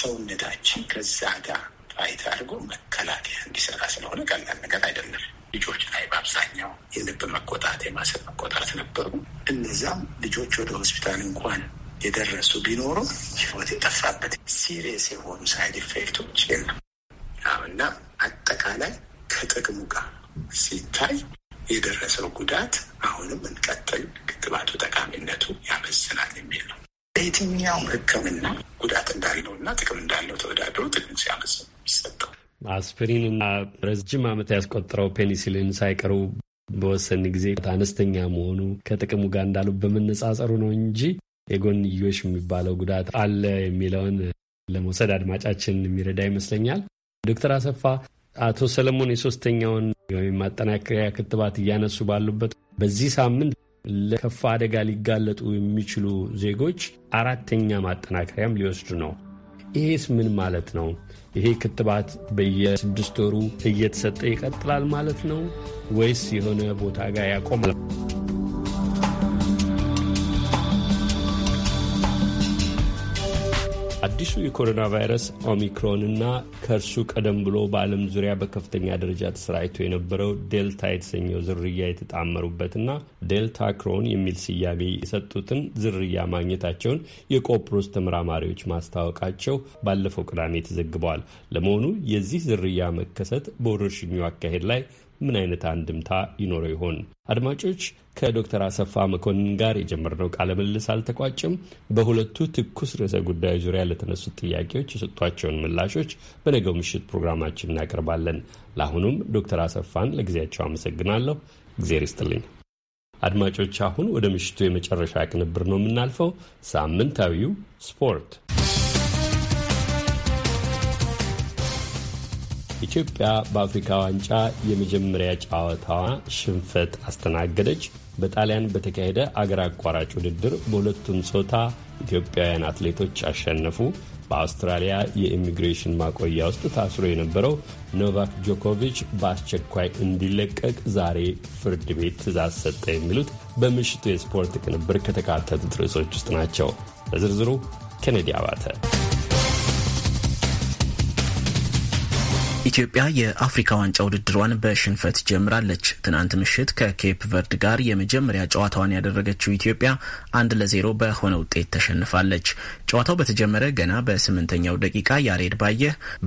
ሰውነታችን ከዛ ጋር ፋይት አድርጎ መከላከያ እንዲሰራ ስለሆነ ቀላል ነገር አይደለም። ልጆች ላይ በአብዛኛው የልብ መቆጣት፣ የማሰብ መቆጣት ነበሩ። እነዛም ልጆች ወደ ሆስፒታል እንኳን የደረሱ ቢኖሩ ህይወት የጠፋበት ሲሪየስ የሆኑ ሳይድ ኢፌክቶች የለም እና አጠቃላይ ከጥቅሙ ጋር ሲታይ የደረሰው ጉዳት አሁንም እንቀጥል፣ ክትባቱ ጠቃሚነቱ ያመዝናል የሚል ነው። በየትኛውም ሕክምና ጉዳት እንዳለው እና ጥቅም እንዳለው ተወዳድሮ ጥቅም ሲያመዝን የሚሰጠው አስፕሪንና ረጅም ረዥም ዓመት ያስቆጠረው ፔኒሲሊን ሳይቀሩ በወሰን ጊዜ አነስተኛ መሆኑ ከጥቅሙ ጋር እንዳሉ በመነጻጸሩ ነው እንጂ የጎንዮሽ የሚባለው ጉዳት አለ የሚለውን ለመውሰድ አድማጫችን የሚረዳ ይመስለኛል። ዶክተር አሰፋ አቶ ሰለሞን የሶስተኛውን ወይም ማጠናከሪያ ክትባት እያነሱ ባሉበት በዚህ ሳምንት ለከፋ አደጋ ሊጋለጡ የሚችሉ ዜጎች አራተኛ ማጠናከሪያም ሊወስዱ ነው። ይሄስ ምን ማለት ነው? ይሄ ክትባት በየስድስት ወሩ እየተሰጠ ይቀጥላል ማለት ነው ወይስ የሆነ ቦታ ጋር ያቆማል? አዲሱ የኮሮና ቫይረስ ኦሚክሮን ና ከእርሱ ቀደም ብሎ በዓለም ዙሪያ በከፍተኛ ደረጃ ተሰራይቶ የነበረው ዴልታ የተሰኘው ዝርያ የተጣመሩበትና ዴልታ ክሮን የሚል ስያሜ የሰጡትን ዝርያ ማግኘታቸውን የቆጵሮስ ተመራማሪዎች ማስታወቃቸው ባለፈው ቅዳሜ ተዘግበዋል። ለመሆኑ የዚህ ዝርያ መከሰት በወረርሽኙ አካሄድ ላይ ምን አይነት አንድምታ ይኖረው ይሆን? አድማጮች ከዶክተር አሰፋ መኮንን ጋር የጀመርነው ቃለ ምልልስ አልተቋጭም። በሁለቱ ትኩስ ርዕሰ ጉዳዮች ዙሪያ ለተነሱት ጥያቄዎች የሰጧቸውን ምላሾች በነገው ምሽት ፕሮግራማችን እናቀርባለን። ለአሁኑም ዶክተር አሰፋን ለጊዜያቸው አመሰግናለሁ። እግዜር ይስጥልኝ። አድማጮች አሁን ወደ ምሽቱ የመጨረሻ ቅንብር ነው የምናልፈው፣ ሳምንታዊው ስፖርት ኢትዮጵያ በአፍሪካ ዋንጫ የመጀመሪያ ጨዋታዋ ሽንፈት አስተናገደች። በጣሊያን በተካሄደ አገር አቋራጭ ውድድር በሁለቱም ጾታ ኢትዮጵያውያን አትሌቶች አሸነፉ። በአውስትራሊያ የኢሚግሬሽን ማቆያ ውስጥ ታስሮ የነበረው ኖቫክ ጆኮቪች በአስቸኳይ እንዲለቀቅ ዛሬ ፍርድ ቤት ትዕዛዝ ሰጠ። የሚሉት በምሽቱ የስፖርት ቅንብር ከተካተቱት ርዕሶች ውስጥ ናቸው። በዝርዝሩ ኬኔዲ አባተ ኢትዮጵያ የአፍሪካ ዋንጫ ውድድሯን በሽንፈት ጀምራለች። ትናንት ምሽት ከኬፕ ቨርድ ጋር የመጀመሪያ ጨዋታዋን ያደረገችው ኢትዮጵያ አንድ ለዜሮ በሆነ ውጤት ተሸንፋለች። ጨዋታው በተጀመረ ገና በስምንተኛው ደቂቃ ያሬድ ባየ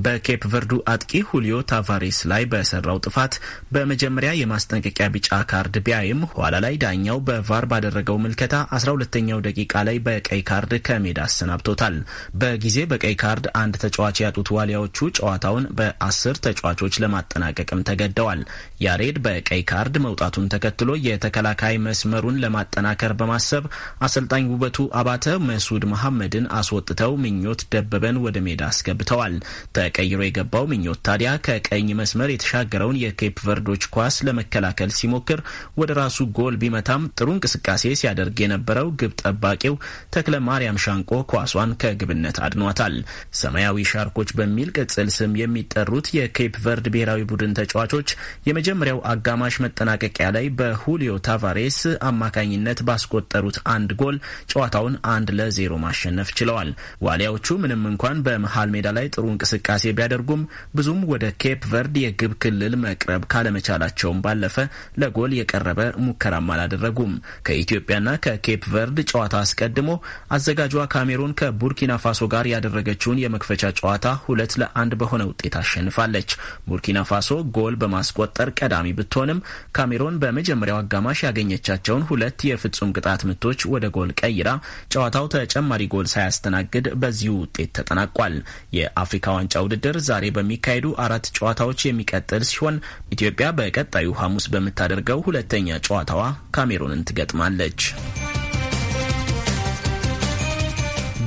በኬፕ ቨርዱ አጥቂ ሁሊዮ ታቫሬስ ላይ በሰራው ጥፋት በመጀመሪያ የማስጠንቀቂያ ቢጫ ካርድ ቢያይም ኋላ ላይ ዳኛው በቫር ባደረገው ምልከታ አስራ ሁለተኛው ደቂቃ ላይ በቀይ ካርድ ከሜዳ አሰናብቶታል። በጊዜ በቀይ ካርድ አንድ ተጫዋች ያጡት ዋሊያዎቹ ጨዋታውን በአስ አስር ተጫዋቾች ለማጠናቀቅም ተገደዋል። ያሬድ በቀይ ካርድ መውጣቱን ተከትሎ የተከላካይ መስመሩን ለማጠናከር በማሰብ አሰልጣኝ ውበቱ አባተ መስዑድ መሐመድን አስወጥተው ምኞት ደበበን ወደ ሜዳ አስገብተዋል። ተቀይሮ የገባው ምኞት ታዲያ ከቀኝ መስመር የተሻገረውን የኬፕ ቨርዶች ኳስ ለመከላከል ሲሞክር ወደ ራሱ ጎል ቢመታም ጥሩ እንቅስቃሴ ሲያደርግ የነበረው ግብ ጠባቂው ተክለ ማርያም ሻንቆ ኳሷን ከግብነት አድኗታል። ሰማያዊ ሻርኮች በሚል ቅጽል ስም የሚጠሩት የኬፕ ቨርድ ብሔራዊ ቡድን ተጫዋቾች የመጀመሪያው አጋማሽ መጠናቀቂያ ላይ በሁሊዮ ታቫሬስ አማካኝነት ባስቆጠሩት አንድ ጎል ጨዋታውን አንድ ለዜሮ ማሸነፍ ችለዋል። ዋሊያዎቹ ምንም እንኳን በመሀል ሜዳ ላይ ጥሩ እንቅስቃሴ ቢያደርጉም ብዙም ወደ ኬፕ ቨርድ የግብ ክልል መቅረብ ካለመቻላቸውም ባለፈ ለጎል የቀረበ ሙከራም አላደረጉም። ከኢትዮጵያና ከኬፕ ቨርድ ጨዋታ አስቀድሞ አዘጋጇ ካሜሩን ከቡርኪና ፋሶ ጋር ያደረገችውን የመክፈቻ ጨዋታ ሁለት ለአንድ በሆነ ውጤት አሸንፋል። አግኝታለች። ቡርኪና ፋሶ ጎል በማስቆጠር ቀዳሚ ብትሆንም ካሜሮን በመጀመሪያው አጋማሽ ያገኘቻቸውን ሁለት የፍጹም ቅጣት ምቶች ወደ ጎል ቀይራ ጨዋታው ተጨማሪ ጎል ሳያስተናግድ በዚሁ ውጤት ተጠናቋል። የአፍሪካ ዋንጫ ውድድር ዛሬ በሚካሄዱ አራት ጨዋታዎች የሚቀጥል ሲሆን ኢትዮጵያ በቀጣዩ ሐሙስ በምታደርገው ሁለተኛ ጨዋታዋ ካሜሩንን ትገጥማለች።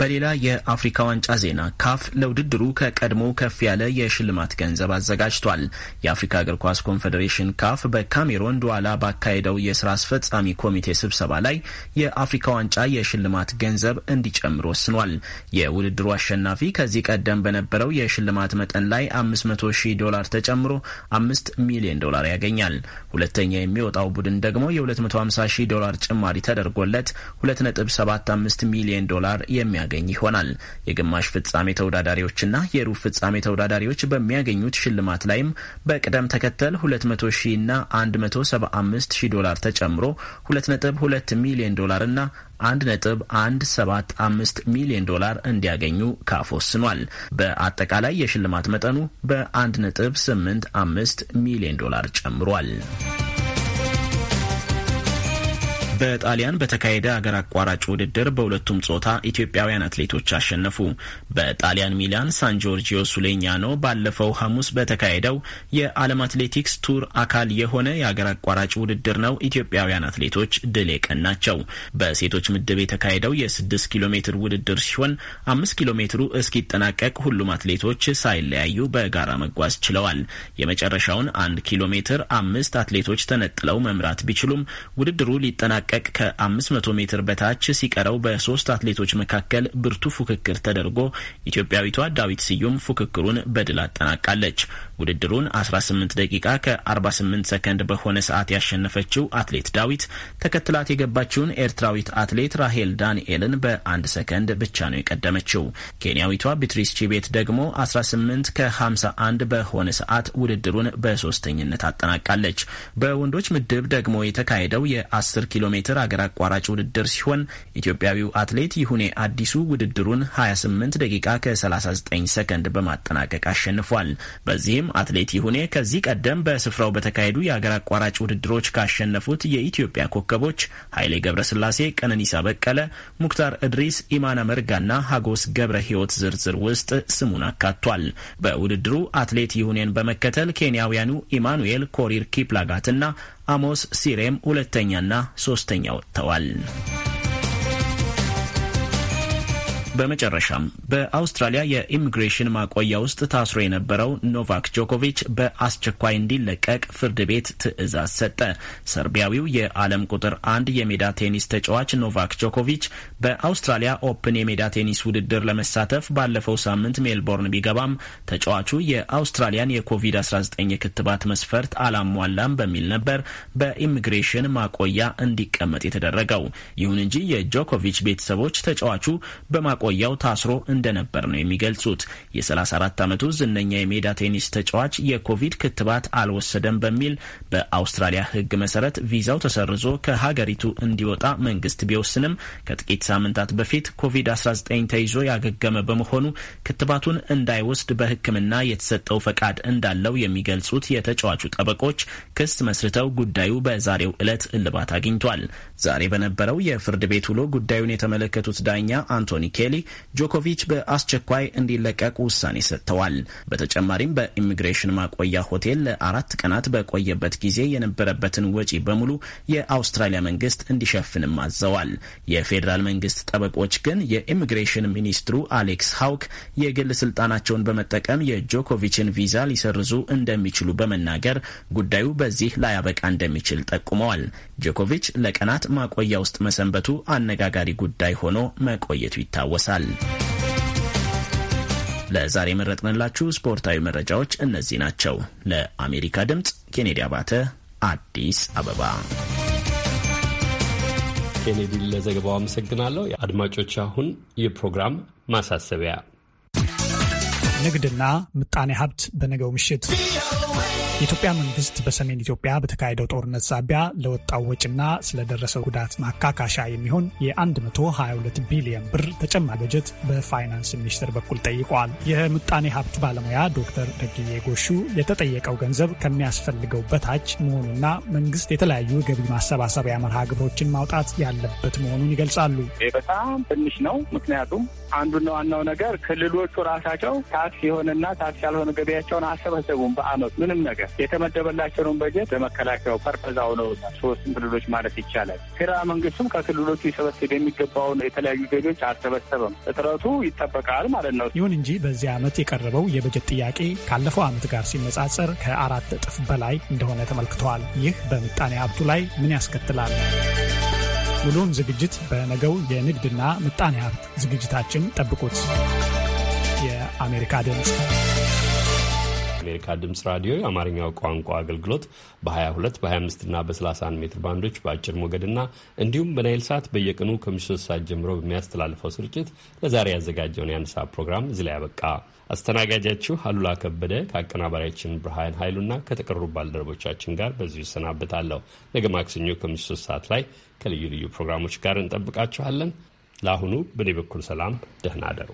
በሌላ የአፍሪካ ዋንጫ ዜና ካፍ ለውድድሩ ከቀድሞ ከፍ ያለ የሽልማት ገንዘብ አዘጋጅቷል። የአፍሪካ እግር ኳስ ኮንፌዴሬሽን ካፍ በካሜሮን ዱዋላ ባካሄደው የስራ አስፈጻሚ ኮሚቴ ስብሰባ ላይ የአፍሪካ ዋንጫ የሽልማት ገንዘብ እንዲጨምር ወስኗል። የውድድሩ አሸናፊ ከዚህ ቀደም በነበረው የሽልማት መጠን ላይ 500 ዶላር ተጨምሮ 5 ሚሊዮን ዶላር ያገኛል። ሁለተኛ የሚወጣው ቡድን ደግሞ የ250 ዶላር ጭማሪ ተደርጎለት 2.75 ሚሊዮን ዶላር የሚያ የሚያገኝ ይሆናል። የግማሽ ፍጻሜ ተወዳዳሪዎችና የሩብ ፍጻሜ ተወዳዳሪዎች በሚያገኙት ሽልማት ላይም በቅደም ተከተል 200 ሺና 175 ሺ ዶላር ተጨምሮ 2.2 ሚሊዮን ዶላር ዶላርና 1.175 ሚሊዮን ዶላር እንዲያገኙ ካፍ ወስኗል። በአጠቃላይ የሽልማት መጠኑ በ1.85 ሚሊዮን ዶላር ጨምሯል። በጣሊያን በተካሄደ አገር አቋራጭ ውድድር በሁለቱም ጾታ ኢትዮጵያውያን አትሌቶች አሸነፉ። በጣሊያን ሚላን ሳን ጆርጂዮ ሱሌኛኖ ባለፈው ሐሙስ በተካሄደው የዓለም አትሌቲክስ ቱር አካል የሆነ የአገር አቋራጭ ውድድር ነው ኢትዮጵያውያን አትሌቶች ድል የቀናቸው። በሴቶች ምድብ የተካሄደው የ 6 ኪሎ ሜትር ውድድር ሲሆን አምስት ኪሎ ሜትሩ እስኪጠናቀቅ ሁሉም አትሌቶች ሳይለያዩ በጋራ መጓዝ ችለዋል። የመጨረሻውን አንድ ኪሎ ሜትር አምስት አትሌቶች ተነጥለው መምራት ቢችሉም ውድድሩ ሊጠናቀ ሊጠናቀቅ ከ500 ሜትር በታች ሲቀረው በሶስት አትሌቶች መካከል ብርቱ ፉክክር ተደርጎ ኢትዮጵያዊቷ ዳዊት ስዩም ፉክክሩን በድል አጠናቃለች። ውድድሩን 18 ደቂቃ ከ48 ሰከንድ በሆነ ሰዓት ያሸነፈችው አትሌት ዳዊት ተከትላት የገባችውን ኤርትራዊት አትሌት ራሄል ዳንኤልን በአንድ ሰከንድ ብቻ ነው የቀደመችው። ኬንያዊቷ ቢትሪስ ቺቤት ደግሞ 18 ከ51 በሆነ ሰዓት ውድድሩን በሶስተኝነት አጠናቃለች። በወንዶች ምድብ ደግሞ የተካሄደው የ10 ኪሜ ሜትር አገር አቋራጭ ውድድር ሲሆን ኢትዮጵያዊው አትሌት ይሁኔ አዲሱ ውድድሩን 28 ደቂቃ ከ39 ሰከንድ በማጠናቀቅ አሸንፏል። በዚህም አትሌት ይሁኔ ከዚህ ቀደም በስፍራው በተካሄዱ የአገር አቋራጭ ውድድሮች ካሸነፉት የኢትዮጵያ ኮከቦች ኃይሌ ገብረስላሴ፣ ቀነኒሳ በቀለ፣ ሙክታር እድሪስ፣ መርጋ መርጋና ሀጎስ ገብረ ሕይወት ዝርዝር ውስጥ ስሙን አካቷል። በውድድሩ አትሌት ይሁኔን በመከተል ኬንያውያኑ ኢማኑኤል ኮሪር ኪፕላጋትና አሞስ ሲሬም ሁለተኛና ሶስተኛ ወጥተዋል። በመጨረሻም በአውስትራሊያ የኢሚግሬሽን ማቆያ ውስጥ ታስሮ የነበረው ኖቫክ ጆኮቪች በአስቸኳይ እንዲለቀቅ ፍርድ ቤት ትዕዛዝ ሰጠ። ሰርቢያዊው የዓለም ቁጥር አንድ የሜዳ ቴኒስ ተጫዋች ኖቫክ ጆኮቪች በአውስትራሊያ ኦፕን የሜዳ ቴኒስ ውድድር ለመሳተፍ ባለፈው ሳምንት ሜልቦርን ቢገባም ተጫዋቹ የአውስትራሊያን የኮቪድ-19 የክትባት መስፈርት አላሟላም በሚል ነበር በኢሚግሬሽን ማቆያ እንዲቀመጥ የተደረገው። ይሁን እንጂ የጆኮቪች ቤተሰቦች ተጫዋቹ በማ ማቆያው ታስሮ እንደነበር ነው የሚገልጹት። የ34 ዓመቱ ዝነኛ የሜዳ ቴኒስ ተጫዋች የኮቪድ ክትባት አልወሰደም በሚል በአውስትራሊያ ሕግ መሰረት ቪዛው ተሰርዞ ከሀገሪቱ እንዲወጣ መንግስት ቢወስንም ከጥቂት ሳምንታት በፊት ኮቪድ-19 ተይዞ ያገገመ በመሆኑ ክትባቱን እንዳይወስድ በሕክምና የተሰጠው ፈቃድ እንዳለው የሚገልጹት የተጫዋቹ ጠበቆች ክስ መስርተው ጉዳዩ በዛሬው ዕለት እልባት አግኝቷል። ዛሬ በነበረው የፍርድ ቤት ውሎ ጉዳዩን የተመለከቱት ዳኛ አንቶኒ ኬል ኬሊ ጆኮቪች በአስቸኳይ እንዲለቀቅ ውሳኔ ሰጥተዋል። በተጨማሪም በኢሚግሬሽን ማቆያ ሆቴል ለአራት ቀናት በቆየበት ጊዜ የነበረበትን ወጪ በሙሉ የአውስትራሊያ መንግስት እንዲሸፍንም አዘዋል። የፌዴራል መንግስት ጠበቆች ግን የኢሚግሬሽን ሚኒስትሩ አሌክስ ሀውክ የግል ስልጣናቸውን በመጠቀም የጆኮቪችን ቪዛ ሊሰርዙ እንደሚችሉ በመናገር ጉዳዩ በዚህ ላያበቃ እንደሚችል ጠቁመዋል። ጆኮቪች ለቀናት ማቆያ ውስጥ መሰንበቱ አነጋጋሪ ጉዳይ ሆኖ መቆየቱ ይታወሳል። ይታወሳል። ለዛሬ የመረጥንላችሁ ስፖርታዊ መረጃዎች እነዚህ ናቸው። ለአሜሪካ ድምፅ ኬኔዲ አባተ፣ አዲስ አበባ። ኬኔዲን ለዘገባው አመሰግናለሁ። አድማጮች፣ አሁን የፕሮግራም ማሳሰቢያ ንግድና ምጣኔ ሀብት በነገው ምሽት የኢትዮጵያ መንግስት በሰሜን ኢትዮጵያ በተካሄደው ጦርነት ሳቢያ ለወጣው ወጪና ስለደረሰው ጉዳት ማካካሻ የሚሆን የ122 ቢሊዮን ብር ተጨማሪ በጀት በፋይናንስ ሚኒስቴር በኩል ጠይቋል። የምጣኔ ሀብት ባለሙያ ዶክተር ደግዬ ጎሹ የተጠየቀው ገንዘብ ከሚያስፈልገው በታች መሆኑና መንግስት የተለያዩ ገቢ ማሰባሰቢያ መርሃ ግብሮችን ማውጣት ያለበት መሆኑን ይገልጻሉ። በጣም ትንሽ ነው። ምክንያቱም አንዱና ዋናው ነገር ክልሎቹ ራሳቸው ታክስ የሆነና ታክስ ያልሆነ ገቢያቸውን አሰበሰቡም በአመቱ ምንም ነገር የተመደበላቸውን በጀት ለመከላከያው ፐርፐዝ ሆነ ሶስቱም ክልሎች ማለት ይቻላል። ፌዴራል መንግስቱም ከክልሎቹ ይሰበስብ የሚገባውን የተለያዩ ገቢዎች አልሰበሰበም። እጥረቱ ይጠበቃል ማለት ነው። ይሁን እንጂ በዚህ ዓመት የቀረበው የበጀት ጥያቄ ካለፈው ዓመት ጋር ሲነጻጸር ከአራት እጥፍ በላይ እንደሆነ ተመልክተዋል። ይህ በምጣኔ ሀብቱ ላይ ምን ያስከትላል? ሙሉውን ዝግጅት በነገው የንግድና ምጣኔ ሀብት ዝግጅታችን ጠብቁት። የአሜሪካ ድምፅ የአሜሪካ ድምጽ ራዲዮ የአማርኛው ቋንቋ አገልግሎት በ22 በ25 እና በ31 ሜትር ባንዶች በአጭር ሞገድና እንዲሁም በናይል ሰዓት በየቀኑ ከምሽቱ ሰዓት ጀምሮ በሚያስተላልፈው ስርጭት ለዛሬ ያዘጋጀውን የአንሳ ፕሮግራም እዚህ ላይ ያበቃ። አስተናጋጃችሁ አሉላ ከበደ ከአቀናባሪያችን ብርሃን ኃይሉና ከተቀሩ ባልደረቦቻችን ጋር በዚሁ ይሰናበታለሁ። ነገ ማክሰኞ ከምሽቱ ሰዓት ላይ ከልዩ ልዩ ፕሮግራሞች ጋር እንጠብቃችኋለን። ለአሁኑ በእኔ በኩል ሰላም፣ ደህና አደሩ።